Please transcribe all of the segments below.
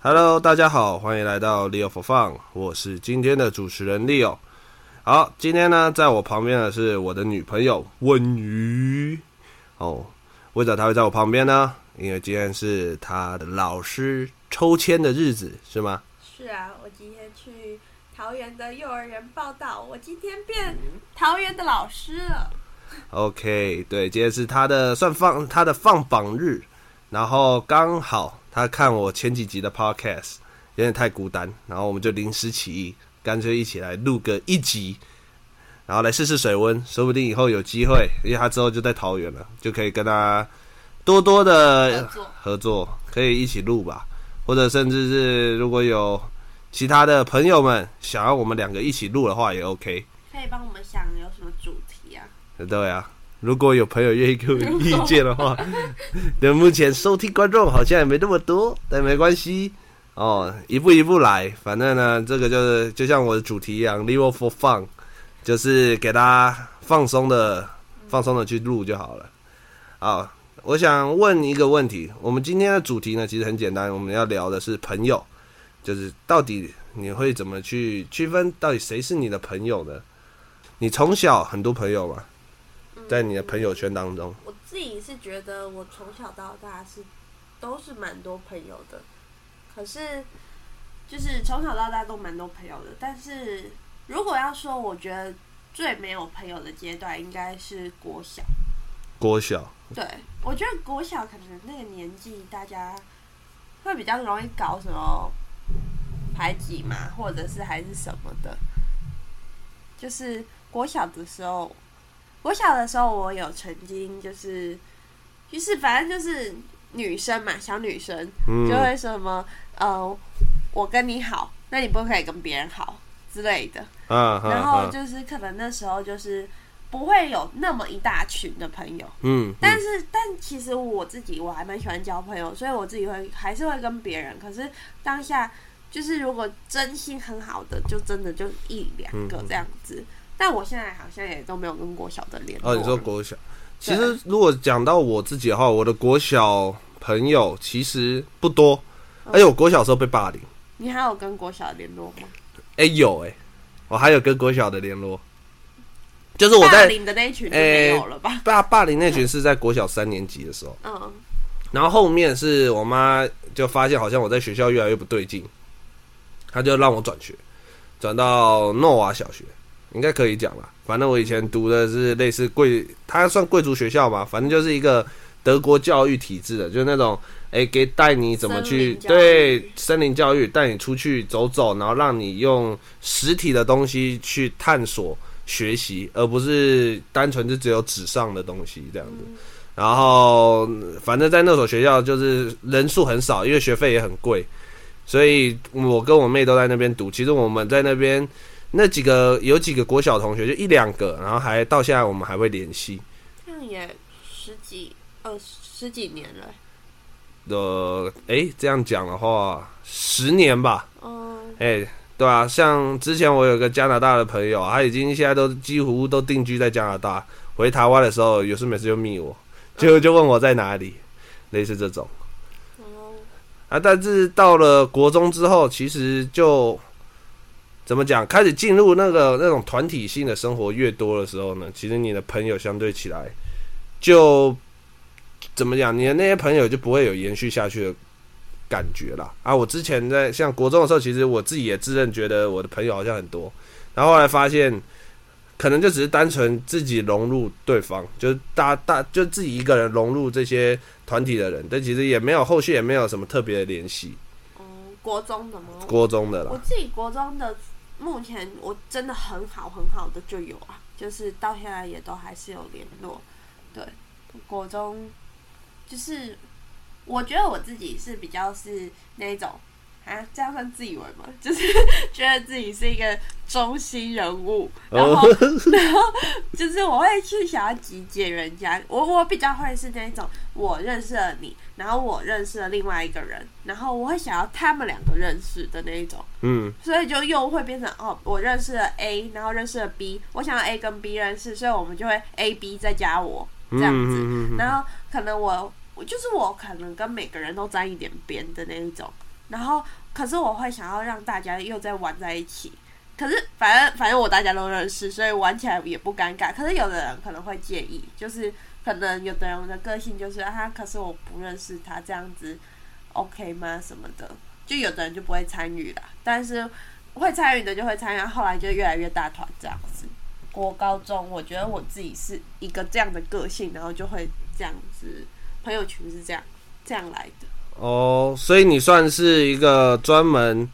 Hello，大家好，歡迎來到 Leo for Fun，我是今天的主持人 Leo。好，今天呢，在我旁邊的是我的女朋友溫瑜哦。為什麼他會在我旁邊呢？因為今天是他的老師抽籤的日子，是嗎？是啊，我今天去桃園的幼兒園報到，我今天變桃園的老師了。 OK，對，今天是他的算放他的放榜日，然後剛好。他看我前幾集的 podcast 有點太孤單，然後我們就臨時起意，乾脆一起來錄個一集，然後來試試水溫，說不定以後有機會， 因為他之後就在桃園了，就可以跟他多多的合作，合作可以一起錄吧，或者甚至是如果有其他的朋友們想要我們兩個一起錄的話，也 OK，可以幫我們想有什麼主題啊？對啊。如果有朋友願意給我意見的話，那 目前收聽觀眾好像也沒那麼多，但沒關係哦，一步一步來。反正呢，這個就是就像我的主題一樣，Leo for fun，就是給大家放鬆的、放鬆的去錄就好了。啊，我想問一個問題，我們今天的主題呢，其實很簡單，我們要聊的是朋友，就是到底你會怎麼去區分到底誰是你的朋友呢？你從小很多朋友嗎？在你的朋友圈當中，嗯，我自己是覺得我從小到大是都是蠻多朋友的，可是就是從小到大都蠻多朋友的。但是如果要說，我覺得最沒有朋友的階段應該是國小。國小，對我覺得國小可能那個年紀大家會比較容易搞什麼排擠嘛，媽或者是還是什麼的，就是國小的時候。我小的時候，我有曾經就是，就是反正就是女生嘛，小女生、嗯、就會說什麼，呃，我跟你好，那你不可以跟別人好之類的。啊啊、然後就是可能那時候就是不會有那麼一大群的朋友。嗯，嗯，但是但其實我自己我還蠻喜歡交朋友，所以我自己會還是會跟別人。可是當下就是如果真心很好的，就真的就一兩個這樣子。嗯但我現在好像也都沒有跟國小的聯絡。哦，你說國小？其實如果講到我自己的話，了我的國小朋友其實不多，嗯、而且我國小時候被霸凌。你還有跟國小的聯絡嗎？哎、欸，有哎、欸，我還有跟國小的聯絡，就是我在霸凌的那群沒有了吧？霸、欸、霸凌那群是在國小三年級的時候，嗯，然後後面是我媽就發現好像我在學校越來越不對勁，她就讓我轉學，轉到諾瓦小學。應該可以講吧，反正我以前讀的是類似貴，它算貴族學校吧，反正就是一個德國教育體制的，就是那種誒、欸、給帶你怎麼去對森林教育，帶你出去走走，然後讓你用實體的東西去探索學習，而不是單純就只有紙上的東西這樣子。嗯、然後反正，在那所學校就是人數很少，因為學費也很貴，所以我跟我妹都在那邊讀。其實我們在那邊。那幾個有幾個國小同學，就一兩個，然後還到現在我們還會聯繫，這樣也十幾呃十幾年了。的哎，這樣講的話，十年吧。哦。哎，對啊。像之前我有個加拿大的朋友，他已經現在都幾乎都定居在加拿大，回台灣的時候有事沒事就密我，就就問我在哪裡，類似這種。啊，但是到了國中之後，其實就。怎麼講？開始進入那個那種團體性的生活越多的時候呢，其實你的朋友相對起來就怎麼講？你的那些朋友就不會有延續下去的感覺啦。啊，我之前在像國中的時候，其實我自己也自認覺得我的朋友好像很多，然後後來發現可能就只是單純自己融入對方，就是大大就自己一個人融入這些團體的人，但其實也沒有後續，也沒有什麼特別的聯繫。嗯，國中的嗎？國中的啦，我自己國中的。目前我真的很好很好的就有啊，就是到現在也都還是有聯絡。對，國中就是我覺得我自己是比較是那種啊，這樣算自以為嗎？就是呵呵覺得自己是一個中心人物，然後、oh. 然後就是我會去想要集結人家，我我比較會是那種，我認識了你。然後我認識了另外一個人，然後我會想要他們兩個認識的那一種，嗯，所以就又會變成哦，我認識了 A，然後認識了 B，我想要 A 跟 B 認識，所以我們就會 A、B 再加我這樣子。嗯、哼哼哼。然後可能我我就是我可能跟每個人都沾一點邊的那一種，然後可是我會想要讓大家又再玩在一起，可是反正反正我大家都認識，所以玩起來也不尷尬。可是有的人可能會介意，就是。可能有的人我的個性就是啊，可是我不認識他，這樣子，OK 嗎？什麼的，就有的人就不會參與了。但是會參與的就會參與，後來就越來越大團這樣子。國高中，我覺得我自己是一個這樣的個性，然後就會這樣子，朋友圈是這樣，這樣來的。哦，oh, 所以你算是一個專門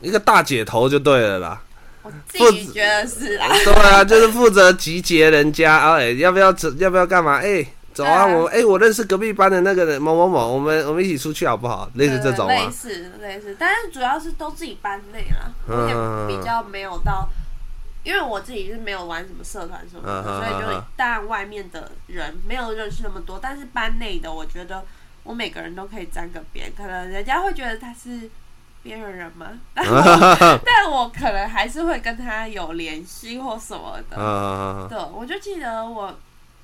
一個大姐頭就對了啦。我自己覺得是啊，對啊，就是負責集結人家啊，哎對、哦欸，要不要走？要不要幹嘛？哎、欸，走啊！對 我哎、欸，我認識隔壁班的那個人某某某，我們我們一起出去好不好？類似這種，對對對，類似類似，但是主要是都自己班內啦，嗯，啊啊啊啊、比較沒有到，因為我自己是沒有玩什麼社團什麼的，啊啊啊啊啊所以就當然外面的人沒有認識那麼多，但是班內的我覺得我每個人都可以沾個邊，可能人家會覺得他是。邊緣人，人嗎？ 但我可能還是會跟他有聯繫或什麼的。 對，我就記得我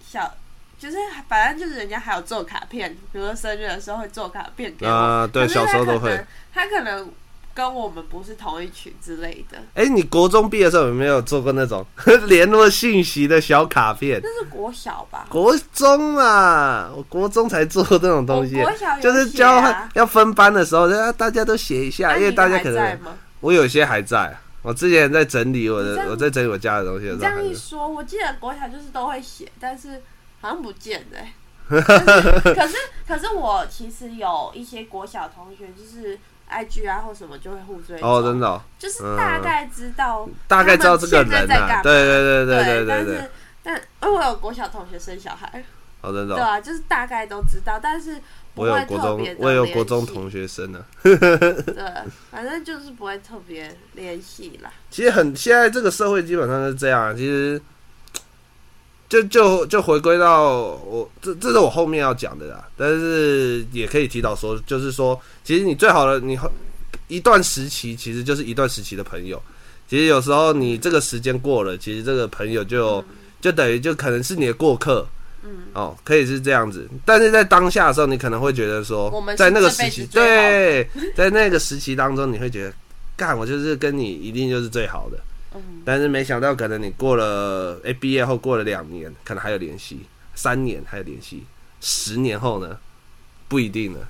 小，就是反正就是人家還有做卡片，比如說生日的時候會做卡片給我。啊、對，是小時候都會。他可能。跟我們不是同一群之類的。哎、欸，你國中畢業的時候有沒有做過那種聯 絡信息的小卡片？這是國小吧？國中啊，我國中才做這種東西。國國小、啊、就是交要分班的時候，大家大家都寫一下，因為大家可能我有些還在，我之前在整理我的，我在整理我家的東西的時候。這樣一說，我記得國小就是都會寫，但是好像不見的、欸、 可是可是我其實有一些國小同學就是。I G 啊或什麼就會互追哦，真的，就是大概知道，大概知道這個人吶，對對對對對，但是，但我有國小同學生小孩，哦真的，對啊，就是大概都知道，但是我有國中，我有國中同學生呢，對，反正就是不會特別聯繫啦。其實很，現在這個社會基本上是這樣，其實。就就就回歸到我這，這是我後面要講的啦。但是也可以提到說，就是說，其實你最好的你，一段時期其實就是一段時期的朋友。其實有時候你這個時間過了，其實這個朋友就就等於就可能是你的過客。嗯，哦，可以是這樣子。但是在當下的時候，你可能會覺得說，在那個時期，對，在那個時期當中，你會覺得，幹，我就是跟你一定就是最好的。但是沒想到，可能你過了誒畢業後過了兩年，可能還有聯繫，三年還有聯繫，十年後呢，不一定了。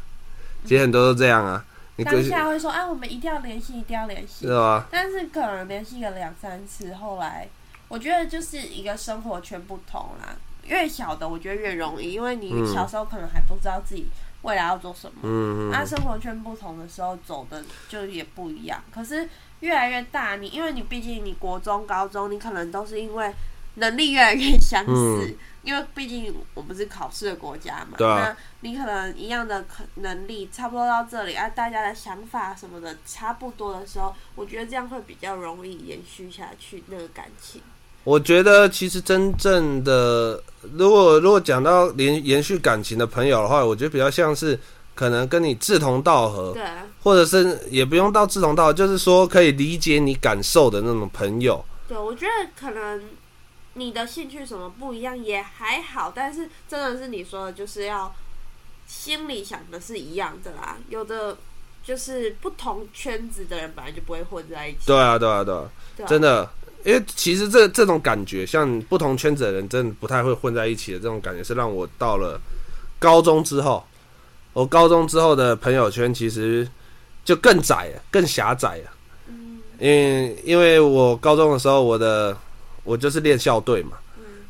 其實很多都這樣啊。當下會說啊，我們一定要聯繫，一定要聯繫。是啊。但是可能聯繫個兩三次，後來我覺得就是一個生活圈不同啦。越小的，我覺得越容易，因為你小時候可能還不知道自己未來要做什麼。嗯嗯。那、啊嗯、生活圈不同的時候，走的就也不一樣。可是。越來越大，你因為你畢竟你國中、高中，你可能都是因為能力越來越相似，嗯、因為畢竟我們是考試的國家嘛。對啊、那你可能一樣的可能力差不多到這裡，啊，大家的想法什麼的差不多的時候，我覺得這樣會比較容易延續下去那個感情。我覺得其實真正的，如果如果講到連延續感情的朋友的話，我覺得比較像是。可能跟你志同道合，對啊，或者是也不用到志同道合，就是說可以理解你感受的那種朋友。對，我覺得可能你的興趣什麼不一樣也還好，但是真的是你說的，就是要心裡想的是一樣的啦。有的就是不同圈子的人本來就不會混在一起。對啊，對啊，對啊，對啊，真的，因為其實這這種感覺，像不同圈子的人，真的不太會混在一起的。這種感覺是讓我到了高中之後。我高中之後的朋友圈其實就更窄了，更狹窄了。嗯，因為因為我高中的時候，我的我就是練校隊嘛，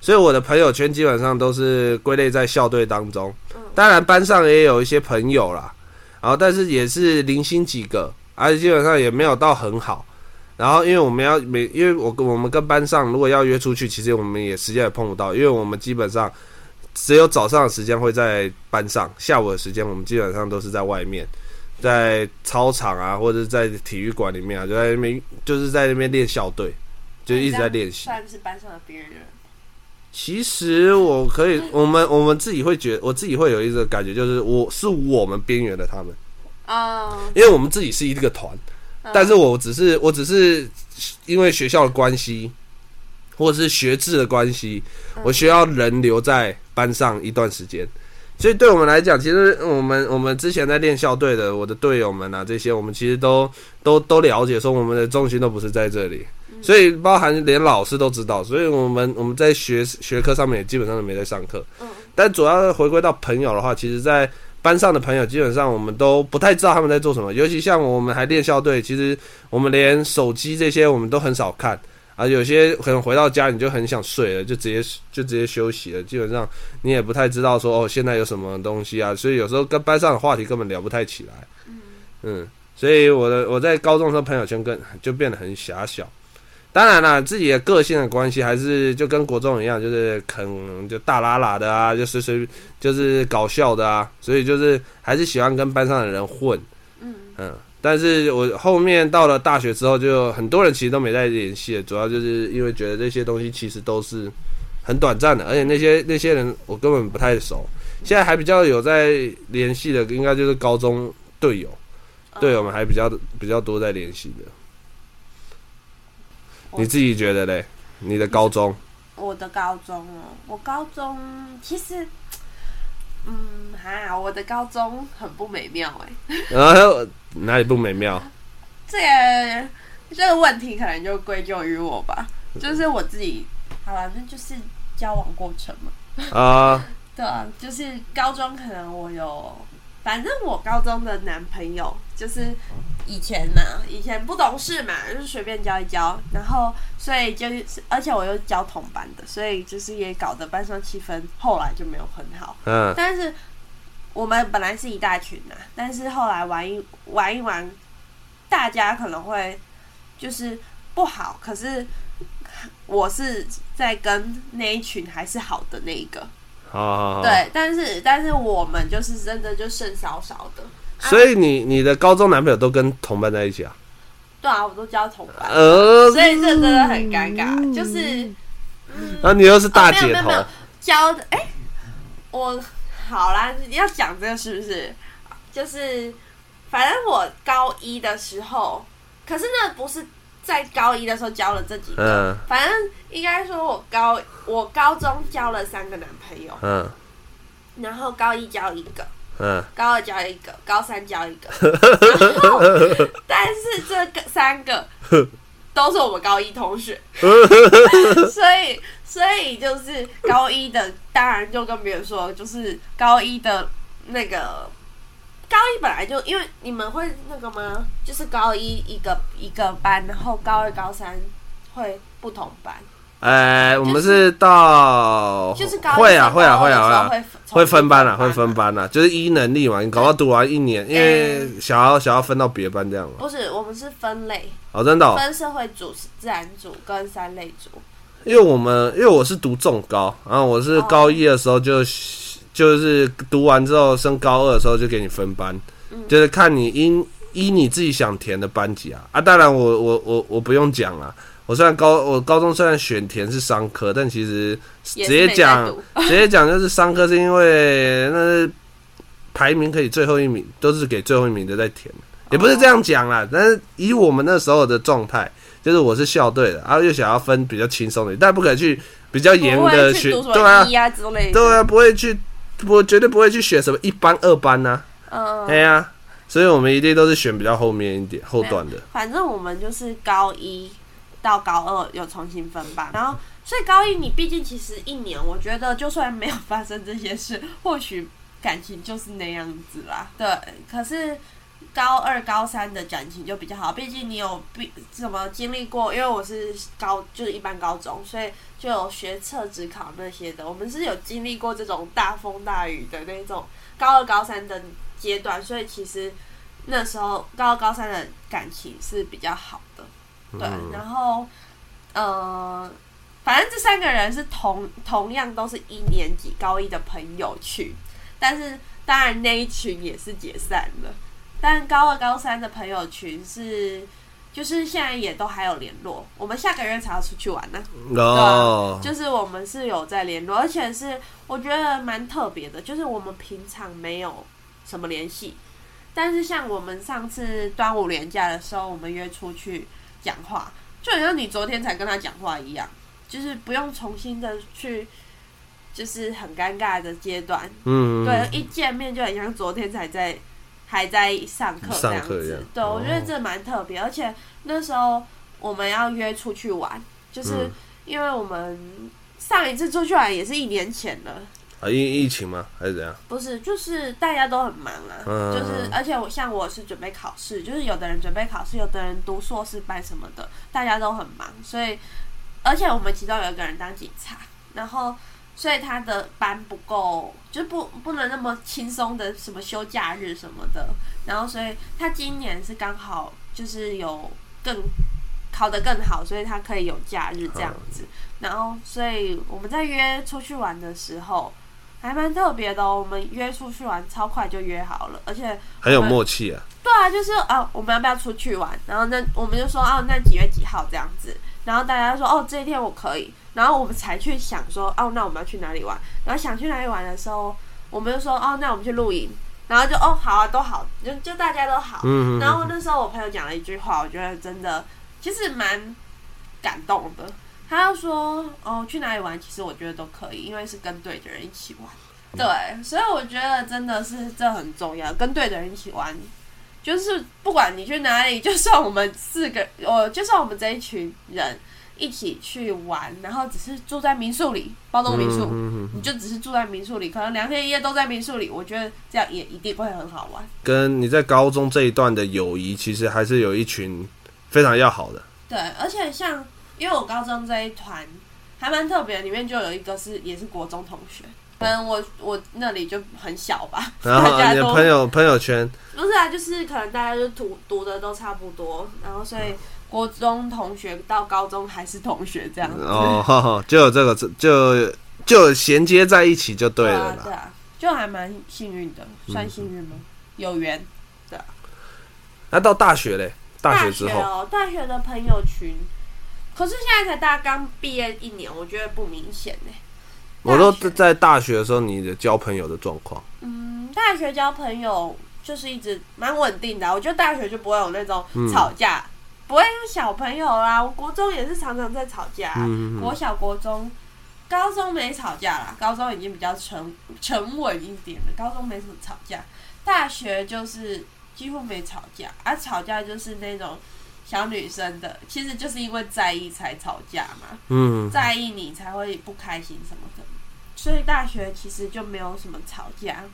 所以我的朋友圈基本上都是歸類在校隊當中。當然班上也有一些朋友啦，然後但是也是零星幾個，而且基本上也沒有到很好。然後因為我們要每，因為我跟我們跟班上如果要約出去，其實我們也時間也碰不到，因為我們基本上。只有早上的時間會在班上，下午的時間我們基本上都是在外面，在操場啊，或者在體育館裡面啊，就在那邊，就是在那邊練校隊，就一直在練習。算是班上的邊緣。其實我可以，我們我們自己會覺得，我自己會有一個感覺，就是我是我們邊緣的他們啊，Oh, okay. 因為我們自己是一個團，但是我只是我只是因為學校的關係。或者是學制的關係，我需要人留在班上一段時間，所以對我們來講，其實我們我們之前在練校隊的我的隊友們啊，這些我們其實都都都了解，說我們的重心都不是在這裡，所以包含連老師都知道，所以我們我們在學學科上面也基本上都沒在上課，但主要是回歸到朋友的話，其實，在班上的朋友基本上我們都不太知道他們在做什麼，尤其像我們還練校隊，其實我們連手機這些我們都很少看。啊，有些可能回到家你就很想睡了，就直接就直接休息了。基本上你也不太知道說哦，現在有什麼東西啊，所以有時候跟班上的話題根本聊不太起來。嗯嗯，所以我的我在高中的時候朋友圈跟就變得很狹小。當然了，自己的個性的關係，還是就跟國中一樣，就是肯就大喇喇的啊，就隨隨就是搞笑的啊，所以就是還是喜歡跟班上的人混。嗯嗯。但是我後面到了大學之後，就很多人其實都沒再聯繫了。主要就是因為覺得這些東西其實都是很短暫的，而且那些那些人我根本不太熟。現在還比較有在聯繫的，應該就是高中隊友，隊友們還比較比較多在聯繫的。你自己覺得嘞？你的高中？我的高中哦，我高中其實。嗯，哈，我的高中很不美妙哎、欸。呃哪裡不美妙？這個、這個問題可能就歸咎於我吧，就是我自己。好了，反正就是交往過程嘛。啊， 對啊，就是高中可能我有，反正我高中的男朋友就是。以前呢、啊，以前不懂事嘛，就是隨便交一交，然後所以就，而且我又交同班的，所以就是也搞得班上氣氛，後來就沒有很好。嗯，但是我們本來是一大群吶、啊，但是後來玩一玩一玩，大家可能會就是不好，可是我是在跟那一群還是好的那一個。哦，對，但是但是我們就是真的就剩少少的。所以你你的高中男朋友都跟同班在一起啊？啊對啊，我都交同班。呃，所以這真的很尷尬，嗯、就是。然、嗯、後、啊、你又是大姐頭、哦。交的哎、欸，我好啦，你要講這個是不是？就是，反正我高一的時候，可是那不是在高一的時候交了這幾個。嗯、反正應該說我高我高中交了三個男朋友，嗯，然後高一交一個。高二交一個，高三交一個，然後但是這個三個都是我們高一同學， 所以所以就是高一的，當然就跟別人說，就是高一的那個高一，本來就因為你們會那個嗎？就是高一一個一個班，然後高二、高三會不同班。哎，欸就是、我們是到就是高會啊會啊會啊會啊會分班了、啊，會分班了、啊，對 就是依能力嘛，你趕快讀完一年，因為想要想要分到別班這樣嘛。不是，我們是分類哦，真的、哦、分社會組、自然組跟三類組。因為我們因為我是讀重高，然後我是高一的時候就、哦、就是讀完之後升高二的時候就給你分班，嗯、就是看你依依你自己想填的班級啊啊！當然我我我我不用講了。我雖然高，我高中雖然選填是商科，但其實直接講 直接講就是商科是因為那是排名可以最後一名，都是給最後一名的在填，也不是這樣講啦，哦、但是以我們那時候的狀態，就是我是校隊的，然、啊、後又想要分比較輕鬆的，但不可能去比較嚴的選，對、e、啊之類，對啊，不會去，我絕對不會去選什麼一班二班吶、啊，嗯，對啊，所以我們一定都是選比較後面一點後段的、啊，反正我們就是高一。到高二有重新分班，然後所以高一你畢竟其實一年，我覺得就算沒有發生這些事，或許感情就是那樣子啦。對，可是高二、高三的感情就比較好，畢竟你有必什麼經歷過。因為我是高就是一般高中，所以就有學測、指考那些的。我們是有經歷過這種大風大雨的那種高二、高三的階段，所以其實那時候高二高三的感情是比較好的。對，然後，呃，反正這三個人是同同樣都是一年級高一的朋友群，但是當然那一群也是解散了，但高二、高三的朋友群是，就是現在也都還有聯絡。我們下個月才要出去玩呢 No. 對，就是我們是有在聯絡，而且是我覺得蠻特別的，就是我們平常沒有什麼聯繫，但是像我們上次端午連假的時候，我們約出去。講話就好像你昨天才跟他講話一樣，就是不用重新的去，就是很尷尬的階段。嗯，嗯，對，一見面就很像昨天才在還在上課這樣子。一樣對，我覺得這蠻特別。哦、而且那時候我們要約出去玩，就是因為我們上一次出去玩也是一年前了。啊，因為疫情嗎？還是怎樣？不是，就是大家都很忙啊。嗯嗯嗯，就是，而且我像我是準備考試，就是有的人準備考試，有的人讀碩士班什麼的，大家都很忙。所以，而且我們其中有一個人當警察，然後所以他的班不夠，就不不能那麼輕鬆的什麼休假日什麼的。然後，所以他今年是剛好就是有更考得更好，所以他可以有假日這樣子。嗯、然後，所以我們在約出去玩的時候。還蠻特別的、哦，我們約出去玩，超快就約好了，而且很有默契啊。對啊，就是啊、哦，我們要不要出去玩？然後那我們就說啊、哦，那幾月幾號這樣子？然後大家說哦，這一天我可以。然後我們才去想說哦，那我們要去哪裡玩？然後想去哪裡玩的時候，我們就說哦，那我們去露營。然後就哦，好啊，都好，就就大家都好、啊。嗯，嗯，嗯。然後那時候我朋友講了一句話，我覺得真的其實蠻感動的。他說：“哦，去哪裡玩？其實我覺得都可以，因為是跟對的人一起玩。對，所以我覺得真的是這很重要，跟對的人一起玩。就是不管你去哪裡，就算我們四個，我，就算我們這一群人一起去玩，然後只是住在民宿裡，包棟民宿，嗯嗯嗯嗯，你就只是住在民宿裡，可能兩天一夜都在民宿裡。我覺得這樣也一定會很好玩。跟你在高中這一段的友誼，其實還是有一群非常要好的。對，而且像。”因為我高中這一團還蠻特別，裡面就有一個是也是國中同學，可能我我那裡就很小吧，然後大家都、啊、朋友朋友圈不是啊，就是可能大家就讀讀的都差不多，然後所以國中同學到高中還是同學這樣子哦呵呵，就有這個就就銜接在一起就對了對、啊，對啊，就還蠻幸運的，算幸運嗎？嗯、有緣。對啊。那到大學嘞？大學之後大學、哦，大學的朋友群。可是現在才大剛畢業一年，我覺得不明顯呢、欸。我都在大學的時候，你的交朋友的狀況，嗯，大學交朋友就是一直蠻穩定的。我覺得大學就不會有那種吵架，嗯、不會有小朋友啦。我國中也是常常在吵架、啊，嗯、哼哼國小、國中、高中沒吵架啦。高中已經比較沉沉穩一點了，高中沒什麼吵架。大學就是幾乎沒吵架，而、啊、吵架就是那種。小女生的，其實就是因為在意才吵架嘛。嗯，在意你才會不開心什麼的，所以大學其實就沒有什麼吵架。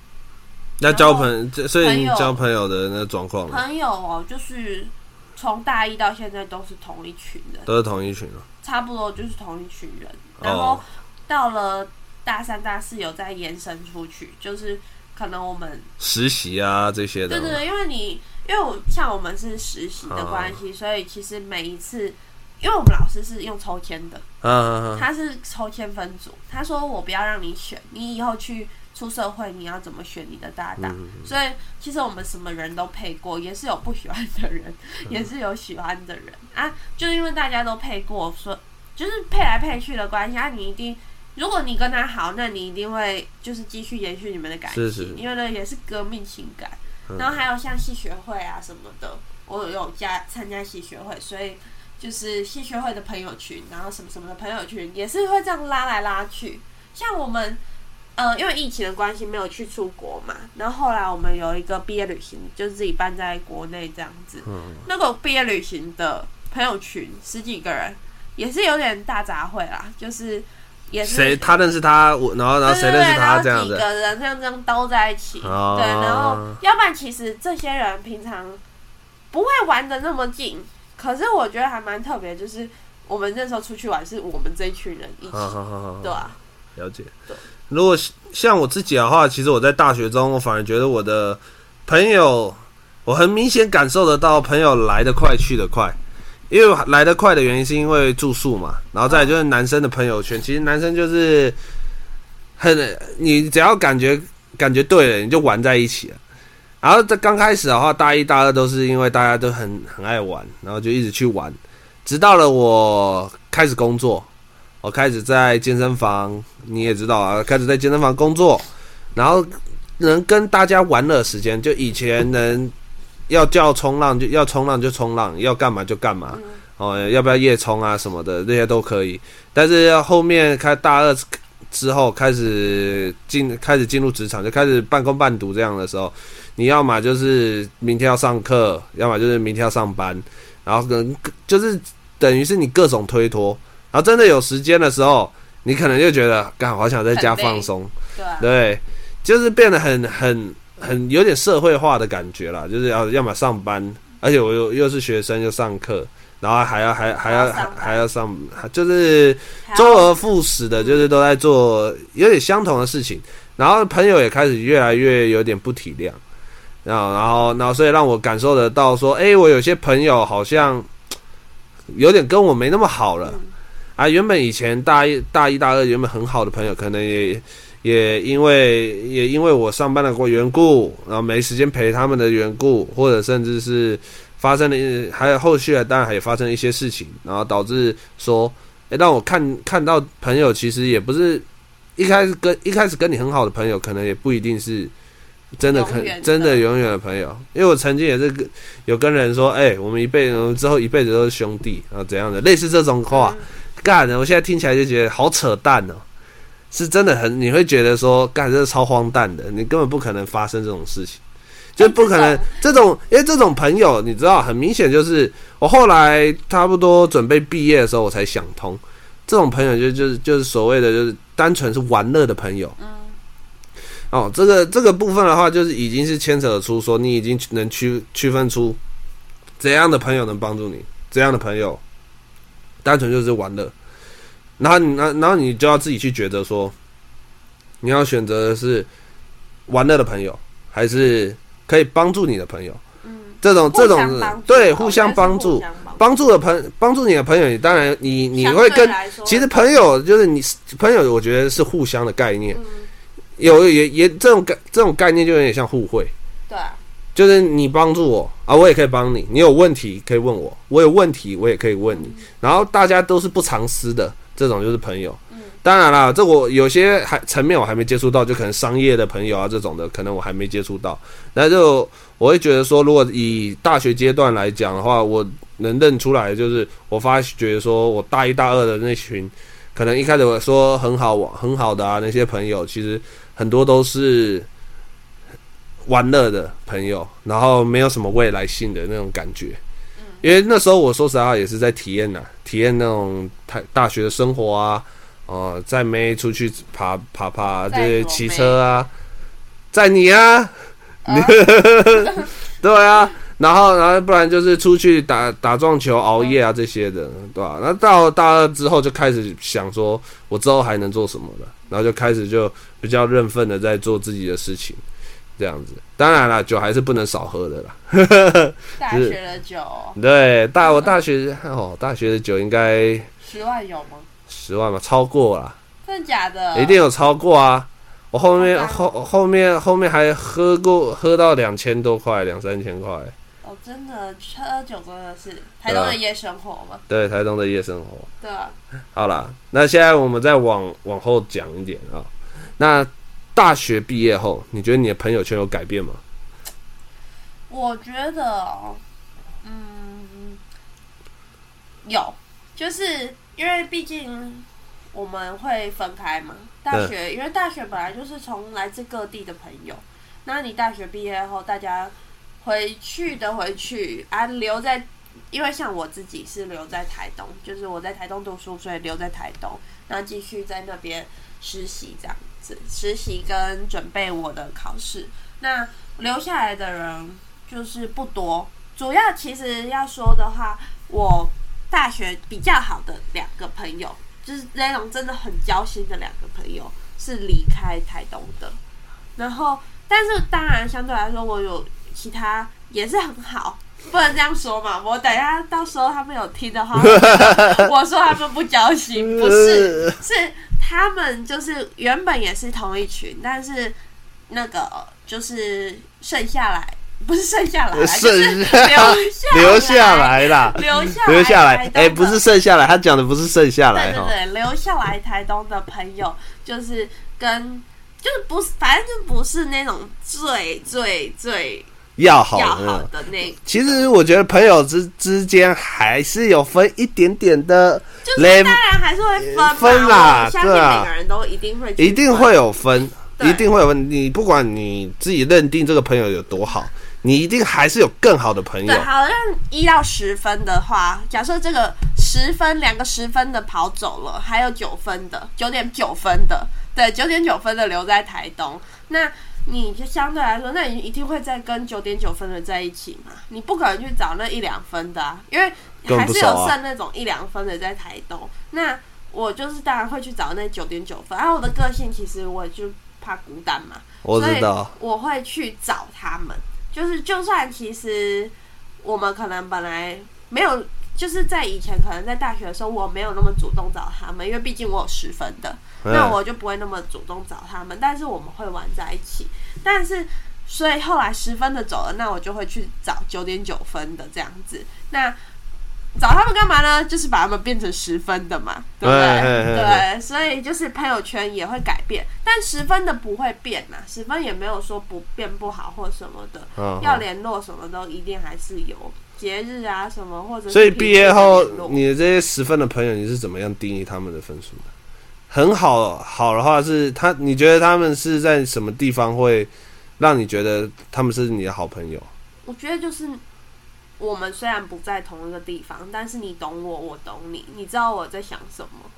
那交朋友，朋友所以你交朋友的那個狀況，朋友哦、喔，就是從大一到現在都是同一群人，都是同一群人，差不多就是同一群人。然後到了大三、大四有再延伸出去，哦、就是可能我們實習啊這些的，對對，對，因為你。因為我像我們是實習的關係，所以其實每一次，因為我們老師是用抽籤的，他是抽籤分組。他說：“我不要讓你選，你以後去出社會，你要怎麼選你的搭檔？”所以其實我們什麼人都配過，也是有不喜歡的人，也是有喜歡的人啊。就是因為大家都配過，說就是配來配去的關係啊。你一定，如果你跟他好，那你一定會就是繼續延續你們的感情，因為呢也是革命情感。然後還有像系學會啊什麼的，我有加參加系學會，所以就是系學會的朋友群，然後什麼什麼的朋友群也是會這樣拉來拉去。像我們，呃，因為疫情的關係沒有去出國嘛，然後後來我們有一個畢業旅行,就是自己辦在國內這樣子。嗯，那個畢業旅行的朋友群十幾個人，也是有點大雜燴啦，就是。也誰他認識他我然後然後誰認識他這樣子，幾個人像這樣兜在一起，哦、對，然後要不然其實這些人平常不會玩得那麼近，可是我覺得還蠻特別，就是我們那時候出去玩是我們這群人一起，對啊，了解。如果像我自己的話，其實我在大學中，我反而覺得我的朋友，我很明顯感受得到，朋友來得快去得快。因為來得快的原因，是因為住宿嘛，然後再，就是男生的朋友圈，其實男生就是很，你只要感覺感覺對了，你就玩在一起了。然後在剛開始的話，大一、大二都是因為大家都很很愛玩，然後就一直去玩。直到了我開始工作，我開始在健身房，你也知道啊，開始在健身房工作，然後能跟大家玩的時間，就以前能。要叫衝浪就要衝浪就衝浪，要幹嘛就幹嘛哦、呃，要不要夜衝啊什麼的，這些都可以。但是要後面開大二之後開始進開始進入職場，就開始半工半讀這樣的時候，你要嘛就是明天要上課，要麼就是明天要上班，然後可能就是等於是你各種推脫，然後真的有時間的時候，你可能就覺得，剛好想在家放鬆，對，就是變得很很。很有點社會化的感覺啦，就是要要麼上班，而且我又又是學生又上課，然後還要還還要還要，還，還要上，就是周而復始的，就是都在做有點相同的事情。然後朋友也開始越來越有點不體諒，然後然後然後，然後所以讓我感受得到說，哎、欸，我有些朋友好像有點跟我沒那麼好了、嗯、啊。原本以前大一大一大二原本很好的朋友，可能也。也因為也因為我上班的過緣故，然後沒時間陪他們的緣故，或者甚至是發生了一，還有後續啊，當然還有發生了一些事情，然後導致說，哎、欸，但我看看到朋友，其實也不是一開始跟一開始跟你很好的朋友，可能也不一定是真的肯遠真的永遠的朋友，因為我曾經也是跟有跟人說，哎、欸，我們一輩之後一輩子都是兄弟啊怎樣的，類似這種話，幹的、嗯，我現在聽起來就覺得好扯淡呢、啊。是真的很，你會覺得說，幹這超荒誕的，你根本不可能發生這種事情，就不可能這種，因為這種朋友，你知道，很明顯就是我後來差不多準備畢業的時候，我才想通，這種朋友就是就是就是所謂的就是單純是玩樂的朋友。嗯。哦，這個這個部分的話，就是已經是牽扯出說，你已經能區區分出怎樣的朋友能幫助你，怎樣的朋友單純就是玩樂。然後你，然然後你就要自己去抉擇，說你要選擇的是玩樂的朋友，還是可以幫助你的朋友。嗯、這種這種對互相幫助，相幫，助幫助的朋幫助你的朋友，當然你你會跟其實朋友就是你朋友，我覺得是互相的概念。嗯、有也也這種概這種概念就有點像互惠。對、啊，就是你幫助我啊，我也可以幫你。你有問題可以問我，我有問題我也可以問你。嗯、然後大家都是不藏私的。這種就是朋友，當然啦，這我有些還層面我還沒接觸到，就可能商業的朋友啊這種的，可能我還沒接觸到。那就我會覺得說，如果以大學階段來講的話，我能認出來，就是我發覺說我大一大二的那群，可能一開始我說很好玩很好的啊那些朋友，其實很多都是玩樂的朋友，然後沒有什麼未來性的那種感覺。因為那時候我說實話也是在體驗吶、啊，體驗那種太大學的生活啊，哦，在沒出去爬爬爬對騎車啊，在你啊、呃， 對啊，然後然後不然就是出去打打撞球熬夜啊這些的，對吧、啊？那到了大二之後就開始想說我之後還能做什麼了，然後就開始就比較認份的在做自己的事情。這樣子，當然啦，酒還是不能少喝的啦。大學的酒， 對大我大學哦，大學的酒應該十萬有嗎？十萬吧，超過啦。真的假的？一定有超過啊！我後面 Okay. 後後面後面還喝過，喝到兩千多塊，兩三千塊。哦，oh, 真的，喝酒真的是台東的夜生活嘛？對，台東的夜生活。對啊。好啦，那現在我們再往往後講一點啊、哦，那。大學畢業後，你覺得你的朋友圈有改變嗎？我覺得，嗯，有，就是因為畢竟我們會分開嘛。大學，嗯、因為大學本來就是從來自各地的朋友，那你大學畢業後，大家回去的回去啊，留在，因為像我自己是留在台東，就是我在台東讀書，所以留在台東，那繼續在那邊實習這樣。實習跟準備我的考試，那留下來的人就是不多。主要其實要說的話，我大學比較好的兩個朋友，就是那種真的很交心的兩個朋友，是離開台東的。然後，但是當然相對來說，我有其他也是很好。不能這樣說嘛！我等一下到時候他們有聽的話， 我說他們不交心，不是，是他們就是原本也是同一群，但是那個就是剩下來，不是剩下來，剩下是留下來，留下來啦，留下來留下來，哎、欸，不是剩下來，他講的不是剩下來、哦，對對對，留下來台東的朋友就是跟就是不，反正就不是那種最最最。要好的那，其實我覺得朋友之之間還是有分一點點的，就是當然還是會分分啦，對啊，每個人都一定會、嗯、對 一定會有分，對 對 一定會有分。你不管你自己認定這個朋友有多好，你一定還是有更好的朋友。對，好像一到十分的話，假設這個十分兩個十分的跑走了，還有九分的九點九分的，對，九點九分的留在台東那。你就相對來說，那你一定會再跟九點九分的在一起嘛？你不可能去找那一兩分的，啊，因為還是有剩那種一兩分的在台東。啊，那我就是當然會去找那九點九分，啊，然後我的個性其實我就怕孤單嘛，我知道，所以我會去找他們。就是就算其實我們可能本來沒有。就是在以前，可能在大學的時候，我沒有那麼主動找他們，因為畢竟我有十分的，那我就不會那麼主動找他們。但是我們會玩在一起。但是，所以後來十分的走了，那我就會去找九點九分的這樣子。那找他們幹嘛呢？就是把他們變成十分的嘛，對不對？嘿嘿嘿，對，所以就是朋友圈也會改變，但十分的不會變吶啊。十分也沒有說不變不好或什麼的，哦哦，要聯絡什麼的都一定還是有。節日啊，什麼或者？所以畢業後，你的這些十分的朋友，你是怎麼樣定義他們的分數的？很好，好的話是，他你覺得他們是在什麼地方會讓你覺得他們是你的好朋友？我覺得就是，我們雖然不在同一個地方，但是你懂我，我懂你，你知道我在想什麼，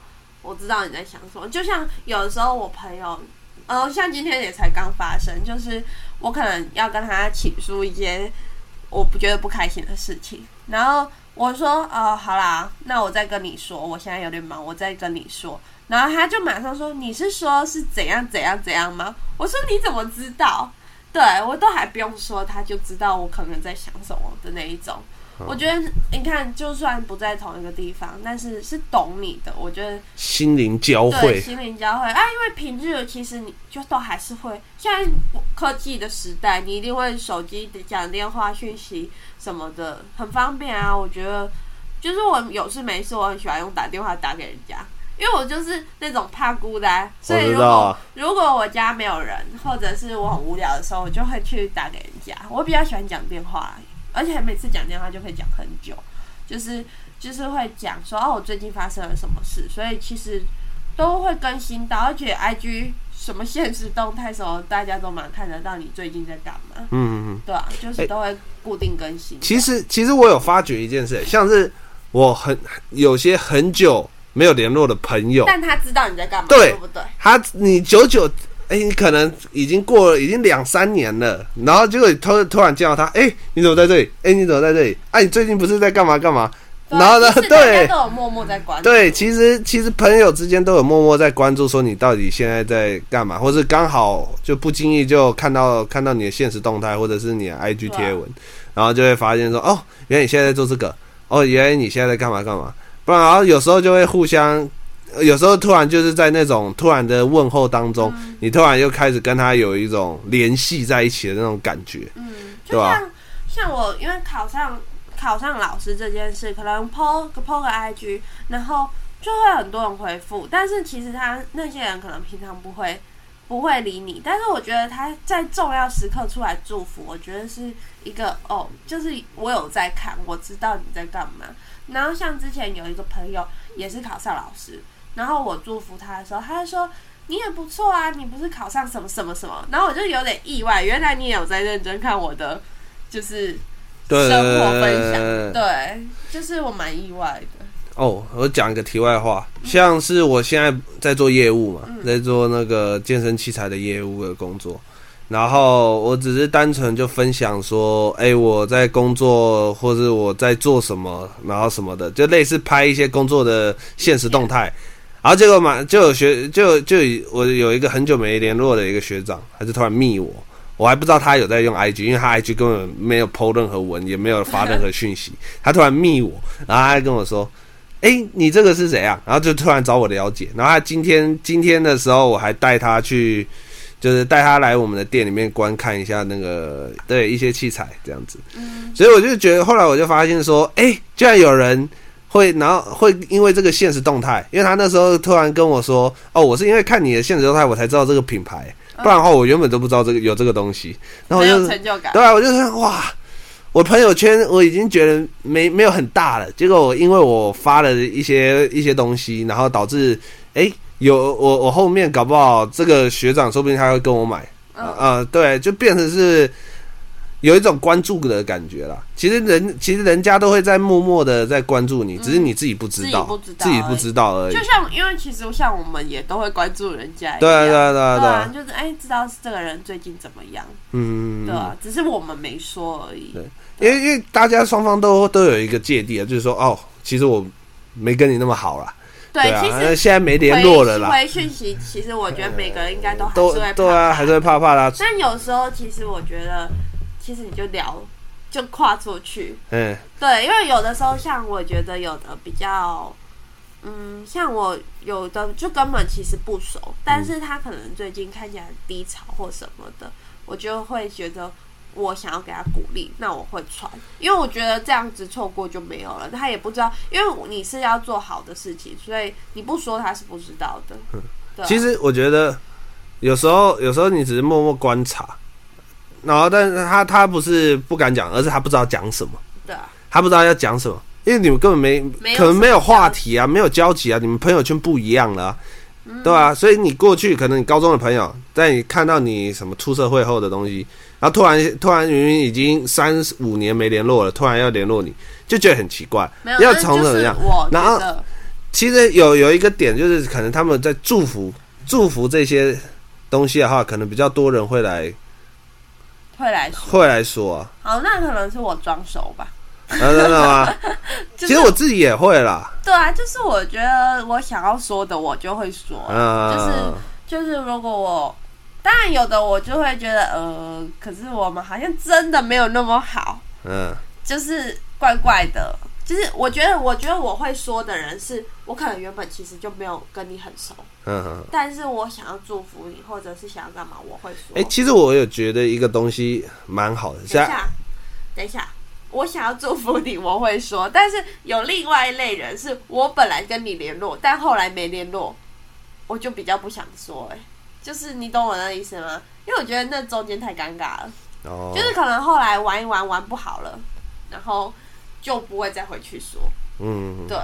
我知道你在想什麼。就像有的時候，我朋友，呃，像今天也才剛發生，就是我可能要跟他起訴一些。我不覺得不開心的事情，然後我說哦、呃，好啦，那我再跟你說，我現在有點忙，我再跟你說。然後他就馬上說，你是說是怎樣怎樣怎樣嗎？我說你怎麼知道？對我都還不用說，他就知道我可能在想什麼的那一種。我覺得你看，就算不在同一個地方，但是是懂你的。我覺得心靈交匯，對，心靈交匯啊！因為平日其實你就都還是會，像科技的時代，你一定會手機講電話、訊息什麼的，很方便啊。我覺得就是我有事沒事，我很喜歡用打電話打給人家，因為我就是那種怕孤單，所以如果如果我家沒有人，或者是我很無聊的時候，我就會去打給人家。我比較喜歡講電話。而且還每次講電話就會講很久，就是就是會講說啊，我最近發生了什麼事，所以其實都會更新到，而且 IG 什麼限時動態時候，大家都蠻看得到你最近在幹嘛，嗯嗯嗯，對啊，就是都會固定更新。欸，其實其實我有發覺一件事，像是我很有些很久沒有聯絡的朋友，但他知道你在幹嘛，對對不對？他你久久。哎，你可能已經過了，已經兩三年了，然後結果你突然見到他，哎，你怎麼在這裡？哎，你怎麼在這裡？哎、啊，你最近不是在幹嘛幹嘛？啊、然後呢？對，對，其實其實朋友之間都有默默在關注，說你到底現在在幹嘛，或是剛好就不經意就看到看到你的限時動態，或者是你的 IG 貼文，啊、然後就會發現說，哦，原來你現在在做這個，哦，原來你現在在幹嘛幹嘛，不然，然後有時候就會互相。有時候突然就是在那種突然的問候當中，嗯、你突然又開始跟他有一種聯繫在一起的那種感覺，嗯，就像，對吧？像像我，因為考上考上老師這件事，可能 PO PO 個 IG，然後就會很多人回復，但是其實他那些人可能平常不會不會理你，但是我覺得他在重要時刻出來祝福，我覺得是一個哦，就是我有在看，我知道你在幹嘛。然後像之前有一個朋友也是考上老師。然後我祝福他的時候，他就說，你也不錯啊，你不是考上什麼什麼什麼？然後我就有點意外，原來你也有在認真看我的，就是生活分享，對，對，就是我蠻意外的。哦，我講一個題外話，像是我現在在做業務嘛，嗯、在做那個健身器材的業務的工作，然後我只是單純就分享說，哎，我在工作或者我在做什麼，然後什麼的，就類似拍一些工作的限時動態。嗯然後這個嘛，就有學就就我有一個很久沒聯絡的一個學長，他就突然密我，我還不知道他有在用 IG，因為他 IG 根本沒有 PO 任何文，也沒有發任何訊息，他突然密我，然後他還跟我說：“欸，你這個是誰啊？”然後就突然找我了解，然後他今天今天的時候，我還帶他去，就是帶他來我們的店裡面觀看一下那個，對，一些器材這樣子，所以我就覺得後來我就發現說，欸，居然有人。會，然後會因為這個限時動態，因為他那時候突然跟我說，哦，我是因為看你的限時動態，我才知道這個品牌，不然的話我原本都不知道這個、呃、有這個東西。然後我就，沒有成就感，對啊，我就是哇，我朋友圈我已經覺得沒沒有很大了，結果我因為我發了一些一些東西，然後導致，哎，有我我後面搞不好這個學長，說不定他會跟我買，啊、呃、對，就變成是。有一種關注的感覺啦。其實人其實人家都會在默默的在關注你，只是你自己不知道，自己不知道而已。就像因為其實像我們也都會關注人家一樣，對啊，對啊，對啊，對啊，就是哎，知道這個人最近怎麼樣，嗯，對啊，只是我們沒說而已。因為因為大家雙方都都有一個芥蒂啊，就是說哦，其實我沒跟你那麼好啦，對啊，現在沒聯絡了啦。回訊息其實我覺得每個人應該都都對啊，還是會怕怕啦。但有時候其實我覺得。其實你就聊，就跨出去。嗯，對，因為有的時候，像我覺得有的比較，嗯，像我有的就根本其實不熟，但是他可能最近看起來很低潮或什麼的，我就會覺得我想要給他鼓勵，那我會傳，因為我覺得這樣子錯過就沒有了。他也不知道，因為你是要做好的事情，所以你不說他是不知道的。啊，其實我覺得有時候，有時候你只是默默觀察。然後、哦，但是他他不是不敢講，而是他不知道講什麼。對啊，他不知道要講什麼，因為你們根本沒，沒可能沒有話題啊，沒有交集啊，你們朋友圈不一樣了、啊，嗯、對吧、啊？所以你過去可能你高中的朋友，在你看到你什麼出社會後的東西，然後突然突然云已經三五年沒聯絡了，突然要聯絡你，就覺得很奇怪，有要從怎麼樣。然後，其實有有一個點就是，可能他們在祝福祝福這些東西的話，可能比較多人會來。會來說，會來說。好，那可能是我裝熟吧。其實我自己也會啦。對啊，就是我覺得我想要說的，我就會說。嗯、啊就是，就是就是，如果我當然有的，我就會覺得呃，可是我們好像真的沒有那麼好。嗯，就是怪怪的。其實我覺得，我覺得我會說的人是，我可能原本其實就沒有跟你很熟，嗯，但是我想要祝福你，或者是想要幹嘛，我會說。哎，其實我有覺得一個東西蠻好的，等一下，等一下，我想要祝福你，我會說。但是有另外一類人，是我本來跟你聯絡，但後來沒聯絡，我就比較不想說。哎，就是你懂我的意思嗎？因為我覺得那中間太尷尬了，哦，就是可能後來玩一玩玩不好了，然後。就不會再回去說。嗯，嗯，嗯，對，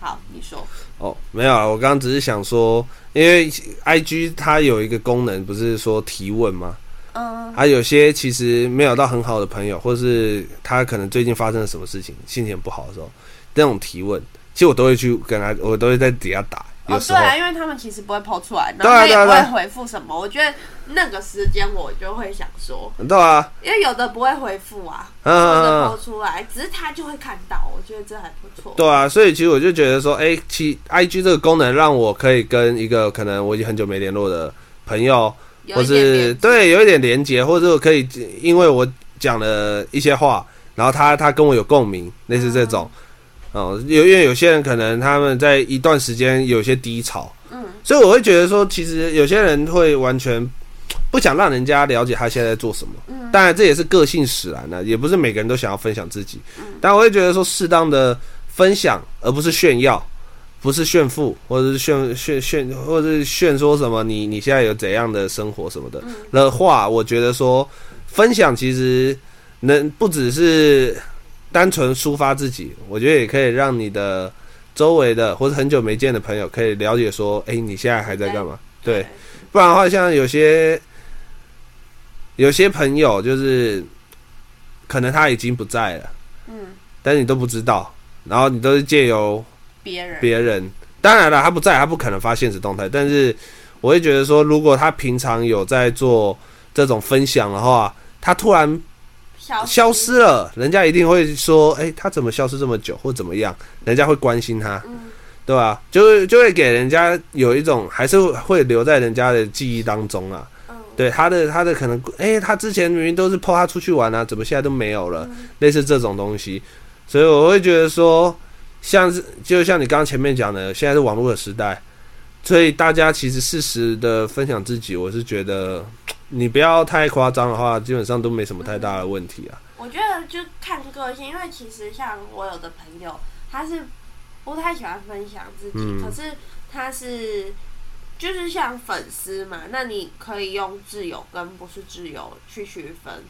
好，你說。哦，沒有啊，我剛剛只是想說，因為 IG 它有一個功能，不是說提問嗎？嗯，啊，有些其實沒有到很好的朋友，或是他可能最近發生了什麼事情，心情不好的時候，那種提問，其實我都會去跟他，我都會在底下打。哦，oh, 對啊，因為他們其實不會 PO 出來，然後，他也不會回復什麼。啊啊、我覺得那個時間我就會想說，對啊，因為有的不會回復啊，嗯、有的 PO 出來，嗯、只是他就會看到。我覺得這還不錯。對啊，所以其實我就覺得說，哎、欸，其 IG 這個功能讓我可以跟一個可能我已經很久沒聯絡的朋友，或是對有一點連結，或者我可以因為我講了一些話，然後他他跟我有共鳴，類似這種。嗯哦，因為有些人可能他們在一段時間有些低潮，嗯，所以我會覺得說，其實有些人會完全不想讓人家了解他現在在做什麼，嗯，當然這也是個性使然的啊，也不是每個人都想要分享自己，嗯，但我會覺得說，適當的分享，而不是炫耀，不是炫富，或者是炫炫炫，或者是炫說什麼你你現在有怎樣的生活什麼的的話，嗯，我覺得說分享其實能不只是。單純抒發自己，我覺得也可以讓你的周圍的或是很久沒見的朋友可以了解說，誒、欸，你現在還在幹嘛？對，不然的話，像有些有些朋友，就是可能他已經不在了，嗯，但你都不知道，然後你都是借由別人別人，人當然了，他不在，他不可能發限時動態，但是我會覺得說，如果他平常有在做這種分享的話，他突然。消失了，人家一定會說，哎、欸，他怎麼消失這麼久，或怎麼樣，人家會關心他，嗯、對吧、啊？就就會給人家有一種還是會留在人家的記憶當中啊，嗯、對他的他的可能，哎、欸，他之前明明都是 po 他出去玩啊，怎麼現在都沒有了？嗯、類似這種東西，所以我會覺得說，像是就像你剛剛前面講的，現在是網絡的時代。所以大家其實適時的分享自己，我是覺得你不要太誇張的話，基本上都沒什麼太大的問題啊、嗯。我覺得就看個性，因為其實像我有的朋友，他是不太喜歡分享自己，可是他是就是像粉絲嘛，那你可以用自由跟不是自由去區分。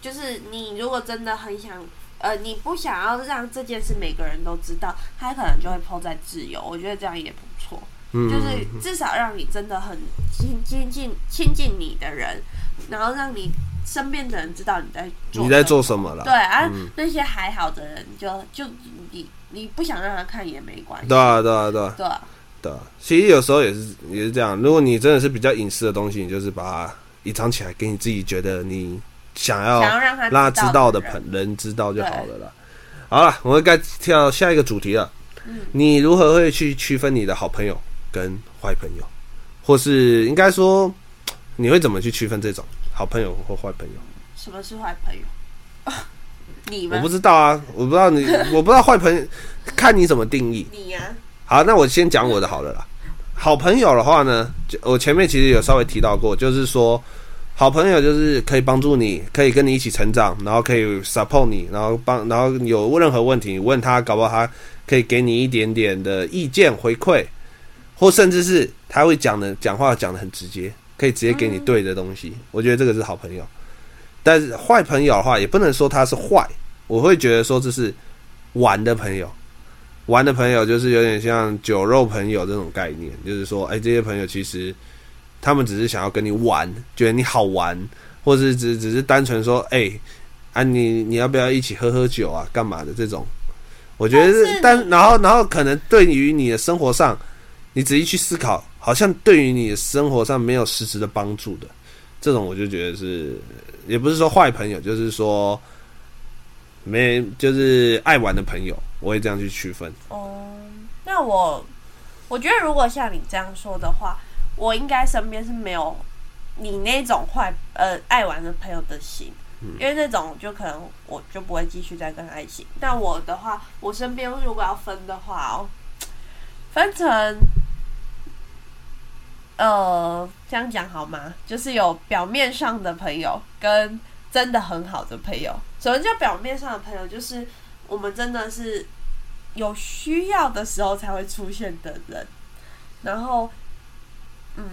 就是你如果真的很想，呃，你不想要讓這件事每個人都知道，他可能就會拋在自由，我覺得這樣也不錯。就是至少讓你真的很親近親近，近你的人，然後讓你身邊的人知道你在做你在做什麼了。對啊，嗯、那些還好的人就，就就你你不想讓他看也沒關係。對啊，對，啊對啊，對啊，對啊，對啊，對啊。其實有時候也是也是這樣，如果你真的是比較隱私的東西，你就是把它隱藏起來，給你自己覺得你想要想要讓他知道的朋人，對人知道就好了啦。好了，我們該跳下一個主題了。嗯、你如何會去區分你的好朋友？跟壞朋友，或是應該說，你會怎麼去區分這種好朋友或壞朋友？什麼是壞朋友？哦，你們我不知道啊，我不知道你， 我不知道壞朋友，看你怎麼定義。你呀？啊，好，那我先講我的好了啦。好朋友的話呢就，我前面其實有稍微提到過，就是說，好朋友就是可以幫助你，可以跟你一起成長，然後可以 support 你，然後幫，然後有任何問題，你問他，搞不好他可以給你一點點的意見回饋。或甚至是他會講的講話講的很直接，可以直接給你對的東西。我覺得這個是好朋友。但是壞朋友的話，也不能說他是壞。我會覺得說這是玩的朋友，玩的朋友就是有點像酒肉朋友這種概念。就是說，哎，這些朋友其實他們只是想要跟你玩，覺得你好玩，或是只是只是單純說，哎啊，你你要不要一起喝喝酒啊，幹嘛的這種？我覺得是，但然後然後可能對於你的生活上。你仔細去思考，好像對於你的生活上沒有實質的幫助的，這種我就覺得是，也不是說壞朋友，就是說沒就是愛玩的朋友，我也這樣去區分。哦、嗯，那我我覺得如果像你這樣說的話，我應該身邊是沒有你那種壞呃愛玩的朋友的心，因為那種就可能我就不會繼續再跟他一起。但我的話，我身邊如果要分的話哦，分成。呃，這樣講好嗎？就是有表面上的朋友跟真的很好的朋友。什麼叫表面上的朋友？就是我們真的是有需要的時候才會出現的人。然後，嗯，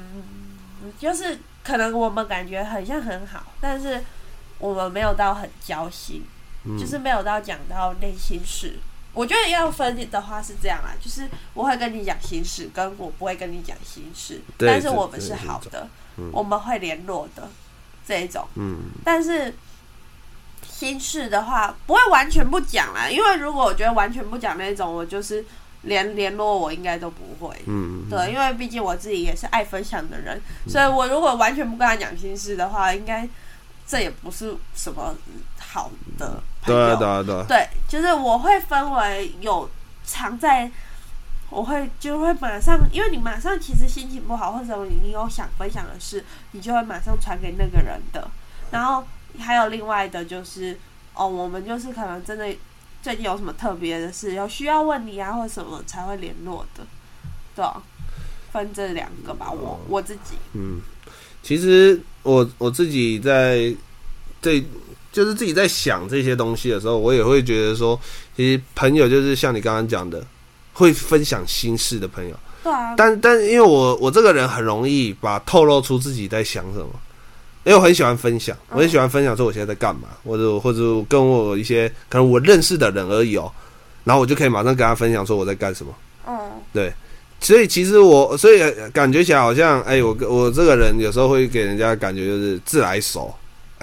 就是可能我們感覺很像很好，但是我們沒有到很交心，嗯、就是沒有到講到內心事。我覺得要分的話是這樣啊，就是我會跟你講心事，跟我不會跟你講心事，對但是我們是好的，我們會聯絡的、嗯、這一種。嗯、但是心事的話不會完全不講啦，因為如果我覺得完全不講那種，我就是連聯絡我應該都不會。嗯、對，嗯、因為畢竟我自己也是愛分享的人，所以我如果完全不跟他講心事的話，應該這也不是什麼好的。對對對，對，就是我會分為有常在，我會就會馬上，因為你馬上其實心情不好或者什麼，你有想分享的事，你就會馬上傳給那個人的。然後還有另外的就是，哦，我們就是可能真的最近有什麼特別的事，有需要問你啊或者什麼才會聯絡的。對啊，分這兩個吧，我我自己，嗯，其實我我自己在對。就是自己在想這些東西的時候，我也會覺得說，其實朋友就是像你剛剛講的，會分享心事的朋友。對啊。但但因為我我這個人很容易把透露出自己在想什麼，因為我很喜歡分享，我很喜歡分享說我現在在幹嘛，嗯我，或者或者跟我一些可能我認識的人而已哦，喔，然後我就可以馬上跟他分享說我在幹什麼。嗯。對，所以其實我所以感覺起來好像，哎，欸，我我這個人有時候會給人家感覺就是自來熟。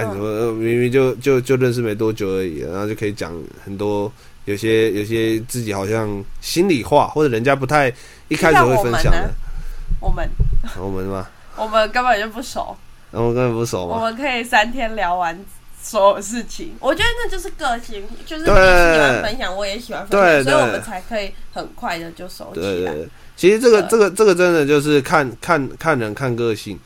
嗯、明明就就就認識沒多久而已，然後就可以講很多有些有些自己好像心裡話，或者人家不太一開始會分享的。我們、啊、我們，我們嗎？我們根本就不熟。我們根本不熟嗎？我們可以三天聊完所有事情，我覺得那就是個性，就是你喜歡分享，我也喜歡分享，對對對對所以我們才可以很快的就熟起來對對對對其實這個對這個這個真的就是看看看人看個性。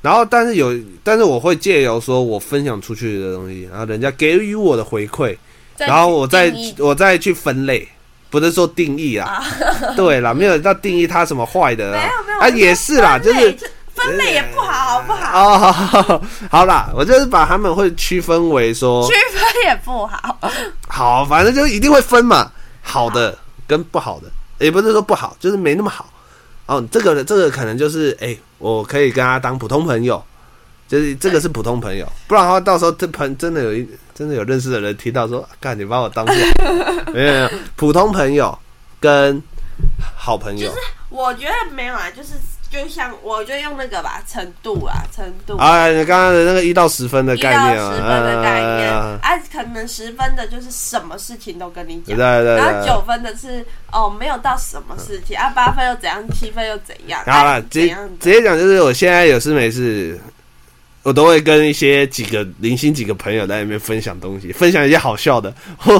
然後，但是有，但是我會借由說我分享出去的東西，然後人家給予我的回饋，然後我再定義，我再去分類，不是說定義啦啊，對啦， 沒有要定義它什麼壞的啦沒，沒有沒有啊，也是啦，就是就分類也不好，好不好哦，好好，好啦，我就是把他們會區分為說，區分也不好，好，反正就一定會分嘛，好的跟不好的，啊、也不是說不好，就是沒那麼好。哦，這個這個可能就是，哎、欸，我可以跟他當普通朋友，就是這個是普通朋友，不然的話，到時候這朋真的有一真的有認識的人提到說，幹，你把我當做沒有，沒有普通朋友跟好朋友，就是我覺得沒有啊，就是。就像我就用那個吧，程度啊，程度。哎，right, 你剛剛的那個一到十分的概念，啊、一到十分的概念。哎、啊，啊、可能十分的就是什麼事情都跟你講，對對，對對，然後九分的是哦，沒有到什麼事情，嗯、啊，八分又怎樣，七分又怎樣，好啦，這樣，直直接講就是我現在有事沒事。我都會跟一些幾個零星幾個朋友在那邊分享東西，分享一些好笑的，或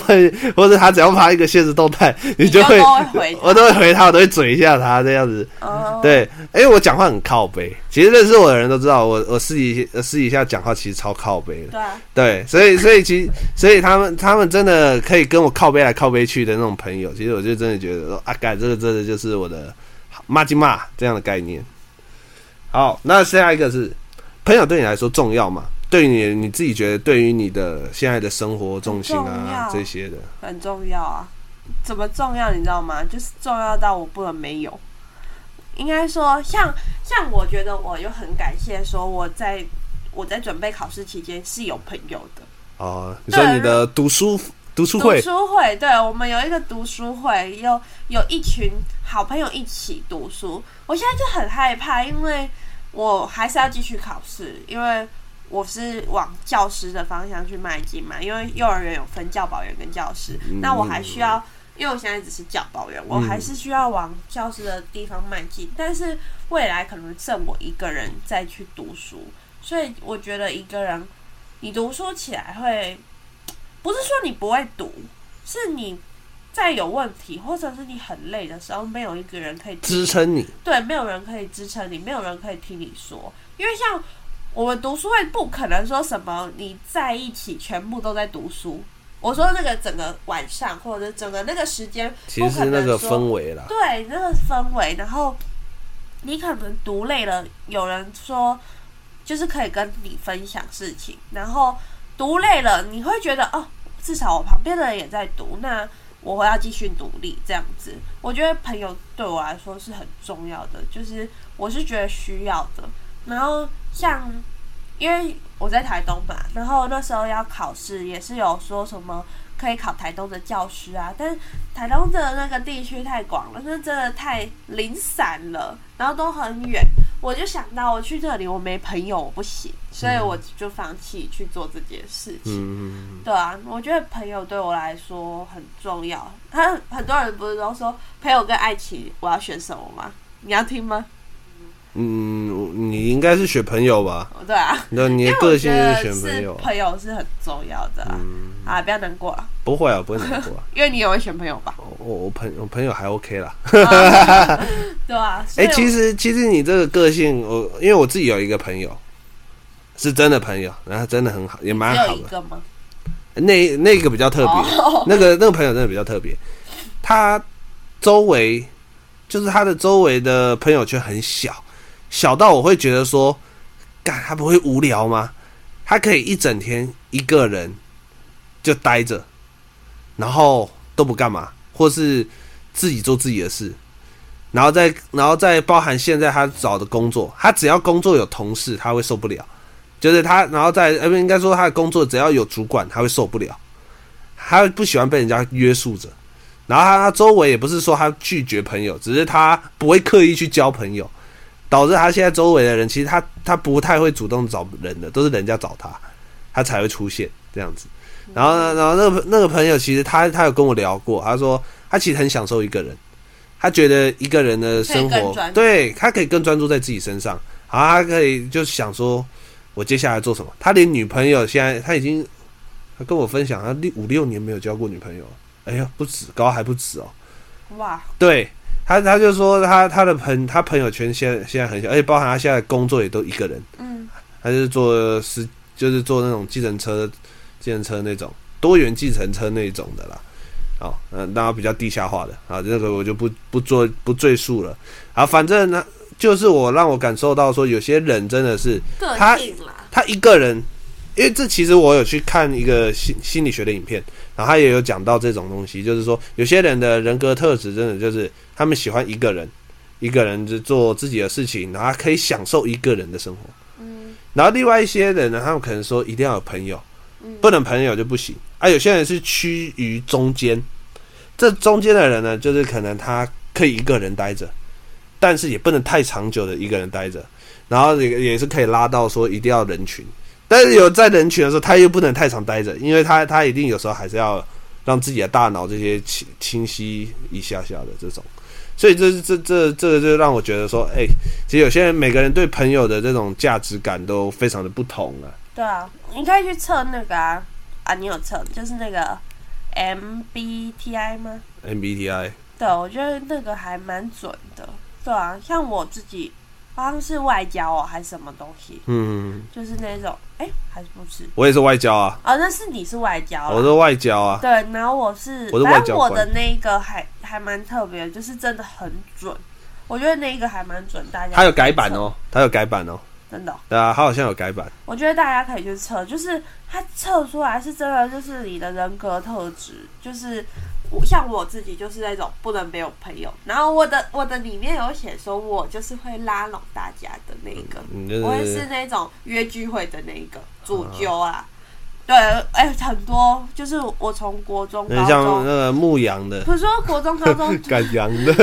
或者他只要發一個限時動態，你就會，你都會回，我都會回他，我都會嘴一下他這樣子。嗯、對、因、欸、為我講話很靠北，其實認識我的人都知道，我我私底私底下講話其實超靠北的。對，啊、對，所以所以其所以他們他們真的可以跟我靠北來靠北去的那種朋友，其實我就真的覺得說，阿、啊、蓋這個真的就是我的麻吉嘛這樣的概念。好，那下一個是。朋友對你來說重要嗎？對你你自己覺得，對於你的現在的生活重心啊重這些的，很重要啊！怎麼重要？你知道嗎？就是重要到我不能沒有。應該說像，像像我覺得，我又很感謝，說我在我在準備考試期間是有朋友的。哦，你說你的讀書對讀書會讀書會，對我們有一個讀書會，有有一群好朋友一起讀書。我現在就很害怕，因為。我還是要繼續考試，因為我是往教師的方向去邁進嘛。因為幼兒園有分教保員跟教師，那我還需要，因為我現在只是教保員，我還是需要往教師的地方邁進。嗯。但是未來可能剩我一個人再去讀書，所以我覺得一個人你讀書起來會，不是說你不會讀，是你。在有問題，或者是你很累的時候，沒有一個人可以支撐你。對，沒有人可以支撐你，沒有人可以聽你說。因為像我們讀書會，不可能說什麼你在一起全部都在讀書。我說那個整個晚上，或者是整個那個時間，其實那個氛圍啦。對，那個氛圍。然後你可能讀累了，有人說就是可以跟你分享事情。然後讀累了，你會覺得哦，至少我旁邊的人也在讀。那我要繼續努力，這樣子。我覺得朋友對我來說是很重要的，就是我是覺得需要的。然後像，因為我在台東嘛，然後那時候要考試，也是有說什麼。可以考台東的教師啊，但是台東的那個地區太廣了，那真，真的太零散了，然後都很遠。我就想到我去這裡，我沒朋友，我不行，所以我就放棄去做這件事情。嗎對啊，我覺得朋友對我來說很重要。他很，很多人不是都說朋友跟愛情，我要選什麼嗎？你要聽嗎？嗯，你應該是選朋友吧？對啊，那你的個性就是選朋友，朋友是很重要的啊！嗯、啊，不要難過，不會啊，不會難過、啊， 因為你也會選朋友吧？我我朋我朋友還 OK 啦， 啊對啊。哎、欸，其實其實你這個個性，我因為我自己有一個朋友，是真的朋友，然後真的很好，也蠻好的。一個嗎？那那個比較特別，哦、那個那個朋友真的比較特別，他周圍就是他的周圍的朋友圈很小。小到我會覺得說，幹，他不會無聊嗎？他可以一整天一個人就待着，然後都不幹嘛，或是自己做自己的事，然後再然後再包含現在他找的工作，他只要工作有同事，他會受不了，就是他，然後在，應該說他的工作只要有主管，他會受不了，他不喜歡被人家約束着。然後他他周圍也不是說他拒絕朋友，只是他不會刻意去交朋友，導致他現在周圍的人，其實他他不太會主動找人的，都是人家找他，他才會出現這樣子。然後呢，然後那個那個朋友，其實他他有跟我聊過，他說他其實很享受一個人，他覺得一個人的生活，對，他可以更專注在自己身上。啊，他可以就想說我接下來做什麼。他連女朋友現在他已經，他跟我分享他六五六年沒有交過女朋友。哎呀，不止高還不止哦，喔。哇。對。他他就說他他的朋他朋友圈，現在現在很小，而且包含他現在工作也都一個人，嗯，他是做是就是做那種計程車計程車那種多元計程車那一種的啦，哦，嗯，那比較地下化的啊，這、那個我就不不做不贅述了啊，反正呢，就是我讓我感受到說有些人真的是他他一個人。因為這其實我有去看一個心心理學的影片，然後他也有講到這種東西，就是說有些人的人格特質真的就是他們喜歡一個人，一個人就做自己的事情，然後可以享受一個人的生活。嗯。然後另外一些人呢，他們可能說一定要有朋友，不能朋友就不行。啊，有些人是趨於中間，這中間的人呢，就是可能他可以一個人待着，但是也不能太長久的一個人待着，然後也也是可以拉到說一定要人群。但是有在人群的時候，他又不能太常待着，因為他他一定有時候還是要讓自己的大腦這些清清晰，一下下的這種，所以這這這這，這就讓我覺得說，哎、欸，其實有些人每個人對朋友的這種價值感都非常的不同啊。對啊，你可以去測那個啊啊，你有測就是那個 MBTI 嗎？MBTI，對，我覺得那個還蠻準的。對啊，像我自己。好像是外交哦、喔，還是什麼東西？嗯，就是那種，哎、欸，還是不是？我也是外交啊。啊、哦，那是你是外交、啊、我是外交啊。對，然後我是，但我，我的那個還還蠻特別，就是真的很準。我覺得那個還蠻準，大家。他有改版哦，他有改版哦，真的、哦。對啊，他好像有改版。我覺得大家可以去測，就是他測出來是真的，就是你的人格特質，就是。我像我自己就是那種不能沒有朋友，然後我的我的裡面有寫說我就是會拉攏大家的那一個，嗯嗯、我也是那種約聚會的那一個主揪啊，嗯嗯、對，哎、欸，很多就是我從國中，嗯、高中像那個牧羊的，不是說國中高中趕羊的，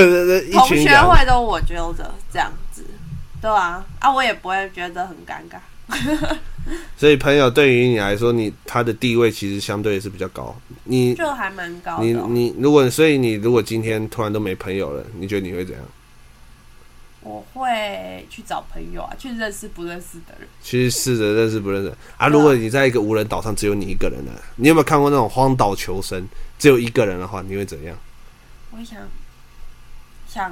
同學會都我揪着這樣子，對啊，啊，我也不會覺得很尷尬。 所以，朋友對於你來說，你他的地位其實相對也是比較高。你就還蠻高。你你如果你所以你如果今天突然都沒朋友了，你覺得你會怎樣？我會去找朋友啊，去認識不認識的人，去試着認識不認識啊。如果你在一個無人島上只有你一個人了啊，你有沒有看過那種荒島求生？只有一個人的話，你會怎樣？我想想。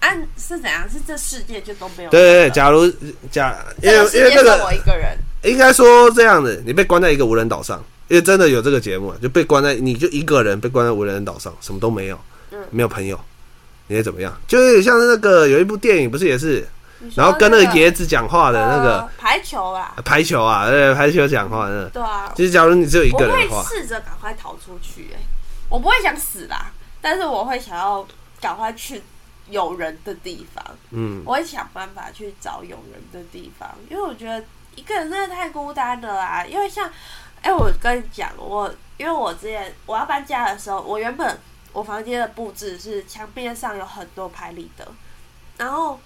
啊、是怎樣？是這世界就都沒有？對對對，假如假因為因為那個，我一個人應該說這樣的，你被關在一個無人島上，因為真的有這個節目，就被關在你就一個人被關在無人島上，什麼都沒有，嗯、沒有朋友，你會怎麼樣？就是像那個有一部電影，不是也是，這個、然後跟那個椰子講話的那個排球啊，排球啊，呃、啊，排球講話、嗯，對啊，其實假如你只有一個人，我會試着趕快逃出去、欸，我不會想死啦，但是我會想要趕快去。有人的地方，嗯，我會想辦法去找有人的地方，因為我覺得一個人真的太孤單了啦。因為像，哎、欸，我跟你講，我因為我之前我要搬家的時候，我原本我房間的布置是牆壁上有很多拍立得，然後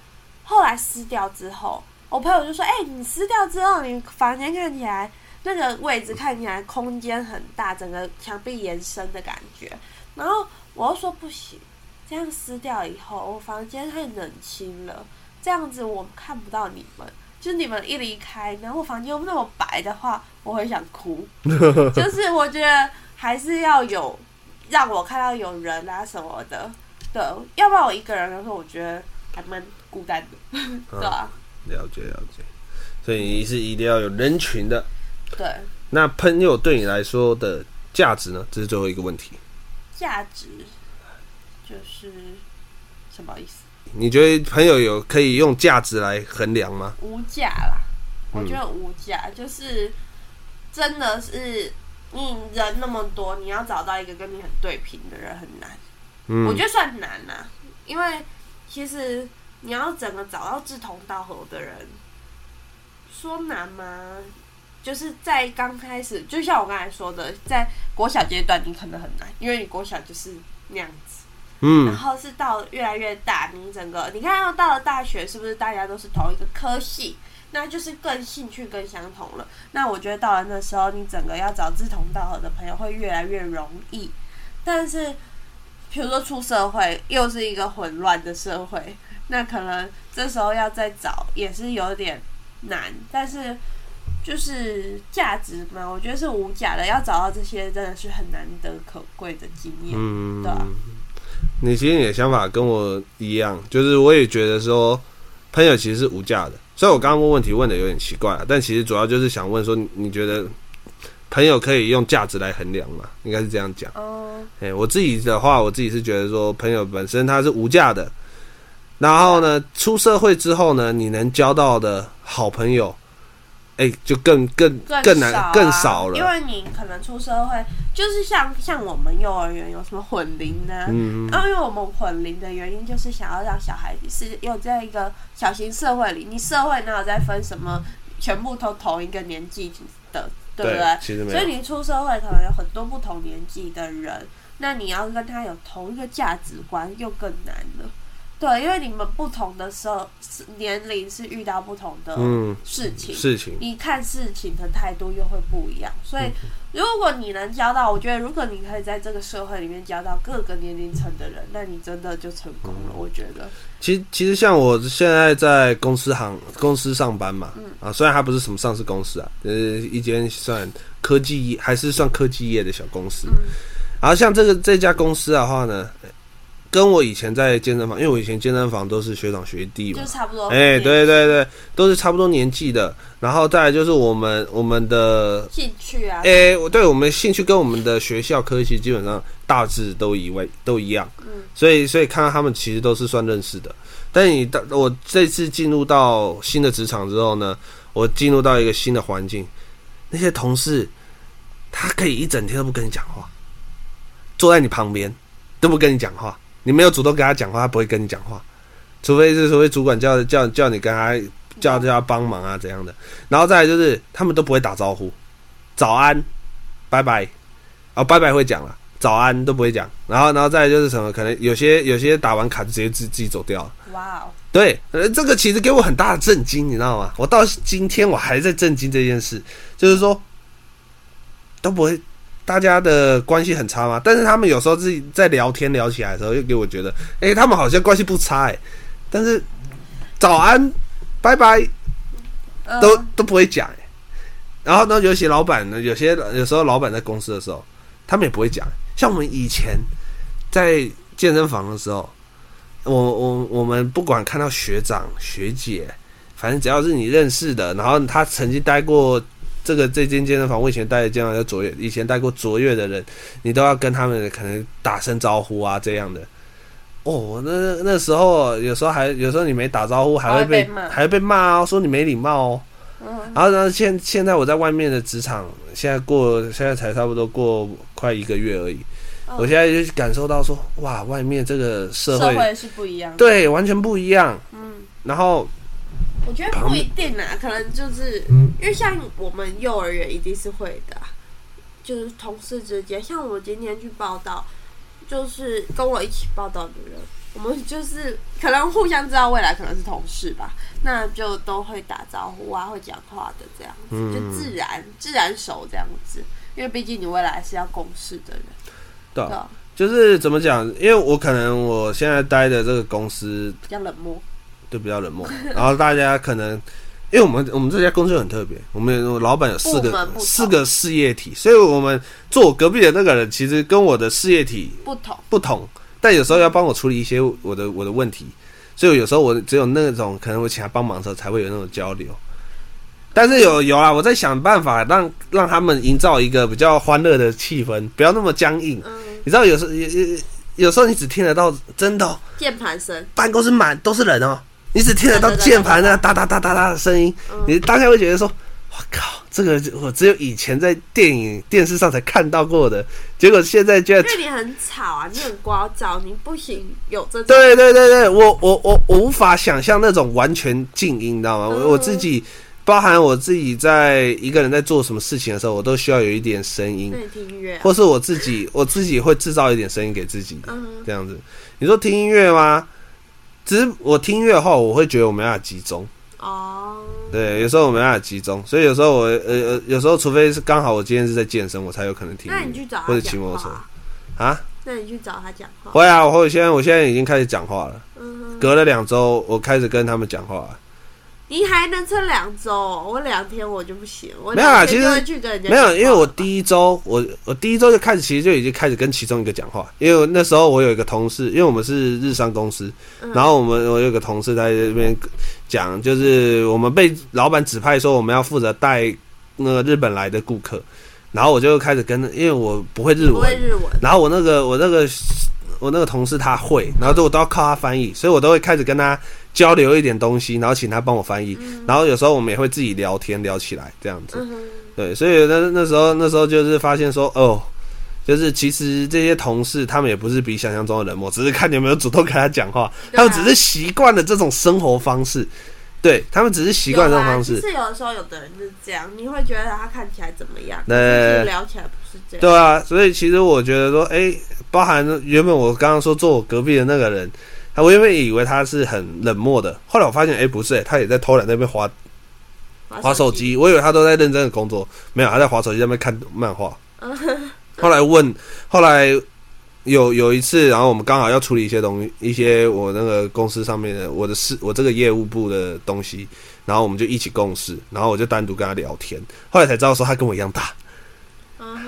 後來撕掉之後，我朋友就說：“哎、欸，你撕掉之後，你房間看起來那個位置看起來空間很大，整個牆壁延伸的感覺。”然後我又說：“不行。”這樣撕掉以後，我房間太冷清了。這樣子我看不到你們，就是你們一離開，然後我房間又那麼白的話，我很想哭。 就是我覺得還是要有讓我看到有人啊什麼的，對，要不然我一個人的時候，我覺得還蠻孤單的，啊 對啊。了解了解，所以你是一定要有人群的。對，那朋友對你來說的價值呢？這是最後一個問題。價值。就是什麼意思？你覺得朋友有可以用價值來衡量嗎？無價啦，我覺得無價，嗯、就是真的是你人那麼多，你要找到一個跟你很對頻的人很難。嗯、我覺得算難啦，因為其實你要整個找到志同道合的人，說難嗎？就是在剛開始，就像我剛才說的，在國小階段，你可能很難，因為你國小就是那樣子。嗯，然後是到越來越大，你整個你看，到到了大學，是不是大家都是同一個科系，那就是更興趣更相同了。那我覺得到了那時候，你整個要找志同道合的朋友會越來越容易。但是，譬如說出社會，又是一個混亂的社會，那可能這時候要再找也是有點難。但是，就是價值嘛，我覺得是無價的。要找到這些真的是很難得可貴的經驗，嗯，對吧？你其實你的想法跟我一樣，就是我也覺得說，朋友其實是無價的。所以我剛剛問問題問的有點奇怪啊，但其實主要就是想問說你，你你覺得朋友可以用價值來衡量嗎？應該是這樣講。哦，哎，我自己的話，我自己是覺得說，朋友本身它是無價的。然後呢，出社會之後呢，你能交到的好朋友。哎，欸，就更更更，啊，更難更少了，因為你可能出社會，就是像像我們幼兒園有什麼混齡呢？嗯，啊，因為我們混齡的原因就是想要讓小孩子有在一個小型社會裡，你社會哪有在分什麼，全部都同一個年紀的，對不對？對，其實沒有，所以你出社會可能有很多不同年紀的人，那你要跟他有同一個價值觀，又更難了。對，因為你們不同的時候年齡是遇到不同的事情，嗯、事情，你看事情的態度又會不一樣。所以，如果你能交到，嗯、我覺得如果你可以在這個社會裡面交到各個年齡層的人，那你真的就成功了。嗯、我覺得，其實其實像我現在在公司行公司上班嘛，嗯、啊，雖然還不是什麼上市公司啊，呃、就是，一間算科技還是算科技業的小公司。然後、嗯、像這個這家公司的話呢。跟我以前在健身房，因為我以前健身房都是學長學弟嘛，就差不多。哎，對對對，都是差不多年紀的。然後再來就是我們我們的興趣啊，哎，我對我們興趣跟我們的學校科系基本上大致都一位都一樣。嗯，所以所以看到他們其實都是算認識的。但你到我這次進入到新的職場之後呢，我進入到一個新的環境，那些同事他可以一整天都不跟你講話，坐在你旁邊都不跟你講話。你沒有主動跟他講話，他不會跟你講話，除非是除非主管叫叫叫你跟他叫叫他幫忙啊怎樣的，然後再來就是他們都不會打招呼，早安，拜拜，哦，拜拜會講了，早安都不會講，然後然後再來就是什麼可能有些有些打完卡就直接自己自己走掉了，哇哦，對，呃這個其實給我很大的震驚，你知道嗎？我到今天我還在震驚這件事，就是說都不會。大家的關係很差嗎？但是他們有時候自己在聊天聊起來的時候，又給我覺得，欸，他們好像關係不差欸。但是早安、拜拜都都不會講欸。然後呢，有些老闆呢，有些有時候老闆在公司的時候，他們也不會講欸。像我們以前在健身房的時候，我我我們不管看到學長學姐，反正只要是你認識的，然後他曾經待過，這個這間健身房，我以前待的健身房叫卓越，以前待過卓越的人，你都要跟他們可能打聲招呼啊，這樣的。哦，那那，那時候有時候還，有時候你沒打招呼還會被，會被還會被罵哦，說你沒禮貌哦。嗯、然後呢，然後現在現在我在外面的職場，現在過現在才差不多過快一個月而已。哦、我現在就感受到說，哇，外面這個社會，社會是不一樣。對，完全不一樣。嗯。然後。我覺得不一定啊，可能就是、嗯、因為像我們幼兒園一定是會的，就是同事之間，像我今天去報道，就是跟我一起報道的人，我們就是可能互相知道未來可能是同事吧，那就都會打招呼啊，會講話的這樣子，就自然自然熟這樣子，因為畢竟你未來是要共事的人，嗯、對吧，就是怎麼講？因為我可能我現在待的這個公司比較冷漠。就比較冷漠， 然後大家可能因為我們我們這家公司很特別，我們老闆有四個四個事業體，所以我們坐我隔壁的那個人其實跟我的事業體不同不同，但有時候要幫我處理一些我的我的問題，所以有時候我只有那種可能我請他幫忙的時候才會有那種交流，但是有有啊，我在想辦法讓讓他們營造一個比較歡樂的氣氛，不要那麼僵硬。嗯，你知道有時候有有有，有時候你只聽得到真的鍵盤聲，辦公室滿都是人哦。你只聽得到鍵盤那噠噠噠噠噠的聲音，嗯、你大概會覺得說：“我靠，這個我只有以前在電影、電視上才看到過的。”結果現在居然因為你很吵啊，你很聒噪， 你不行，有這種。對對對對，我我我我無法想象那種完全靜音，你知道嗎？嗯、我自己，包含我自己在一個人在做什麼事情的時候，我都需要有一點聲音，聽音樂啊、或是我自己我自己會製造一點聲音給自己，嗯、這樣子。你說聽音樂嗎？只是我聽音樂後，我會覺得我沒辦法集中哦。Oh. 對，有時候我沒辦法集中，所以有時候我呃呃，有時候除非是剛好我今天是在健身，我才有可能聽音樂。那你去找他或者騎摩托車啊？那你去找他講話、話啊？蛤？會啊，我現在我現在已經開始講話了。Uh-huh. 隔了兩周，我開始跟他們講話。你還能撐兩周，我兩天我就不行。我個、就不，沒有啊，其實沒有，因為我第一周，我我第一周就開始，其實就已經開始跟其中一個講話，因為那時候我有一個同事，因為我們是日商公司，然後我們我有一個同事在這邊講，就是我們被老板指派說我們要負責帶那個日本來的顧客，然後我就開始跟，因為我不會日文，不會日文，然後我那個我那個。我那個同事他會，然後就我都要靠他翻譯，所以我都會開始跟他交流一點東西，然後請他幫我翻譯。嗯、哼然後有時候我們也會自己聊天聊起來，這樣子。嗯、哼對，所以那那時候那時候就是發現說，哦，就是其實這些同事他們也不是比想象中的冷漠，我只是看你有沒有主動跟他講話，啊、他們只是習慣了這種生活方式，對他們只是習慣這種方式。是有、啊、有的時候有的人就是這樣，你會覺得他看起來怎麼樣？那聊起來。對啊，所以其實我覺得說，哎、欸，包含原本我剛剛說坐我隔壁的那個人，我原本以為他是很冷漠的，後來我發現，哎、欸，不是、欸，他也在偷懶在那邊滑滑手機，手，我以為他都在認真的工作，沒有，他在滑手機在那邊看漫畫。後來問，後來有有一次，然後我們剛好要處理一些東西，一些我那個公司上面的，我的事，我這個業務部的東西，然後我們就一起共事，然後我就單獨跟他聊天，後來才知道說他跟我一樣大。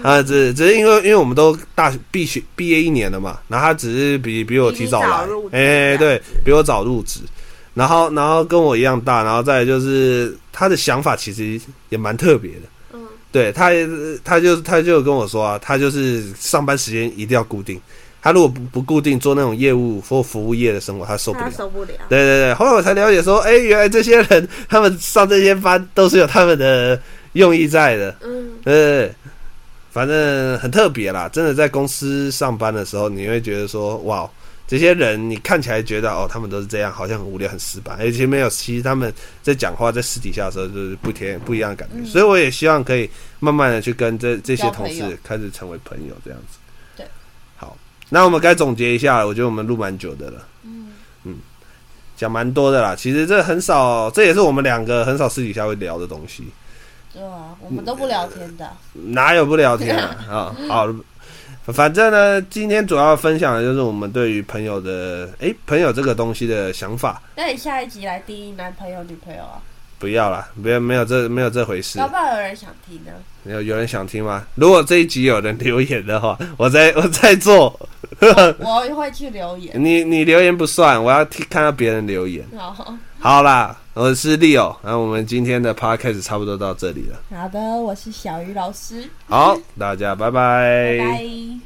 啊，只是只是因為，因為我們都大學，畢學畢業一年了嘛。然後他只是比比我提早來，哎、欸，對，比我早入職。然後，然後跟我一樣大。然後再就是，他的想法其實也蠻特別的。嗯，對他，他就他就跟我說啊，他就是上班時間一定要固定。他如果不不固定做那種業務或服務業的生活，他受不了，他他受不了。對對對。後來我才了解說，哎、欸，原來這些人他們上這些班都是有他們的用意在的。嗯，對，對，對。反正很特別啦，真的在公司上班的時候，你會覺得說，哇，這些人你看起來覺得哦，他們都是這樣，好像很無聊、很失敗。而、欸、且沒有。其實他們在講話，在私底下的時候就是不甜、不一樣的感覺。嗯、所以我也希望可以慢慢的去跟這這些同事開始成為朋友，這樣子。對，好，那我們該總結一下，我覺得我們錄蠻久的了，嗯嗯，講蠻多的啦。其實這很少，這也是我們兩個很少私底下會聊的東西。對啊，我們都不聊天的。哪有不聊天啊、 哦！好，反正呢，今天主要分享的就是我們對於朋友的，哎、欸，朋友這個東西的想法。那你下一集來定義男朋友、女朋友啊？不要啦，別沒有這沒有這回事。要不然有人想聽呢、啊？有有人想聽嗎？如果這一集有人留言的話，我再我再做 我，我會去留言。你你留言不算，我要聽看到別人留言。好啦，我是 Leo，啊，那我們今天的 Podcast 差不多到這裡了。好的，我是小瑜老師。好，大家拜拜。拜拜。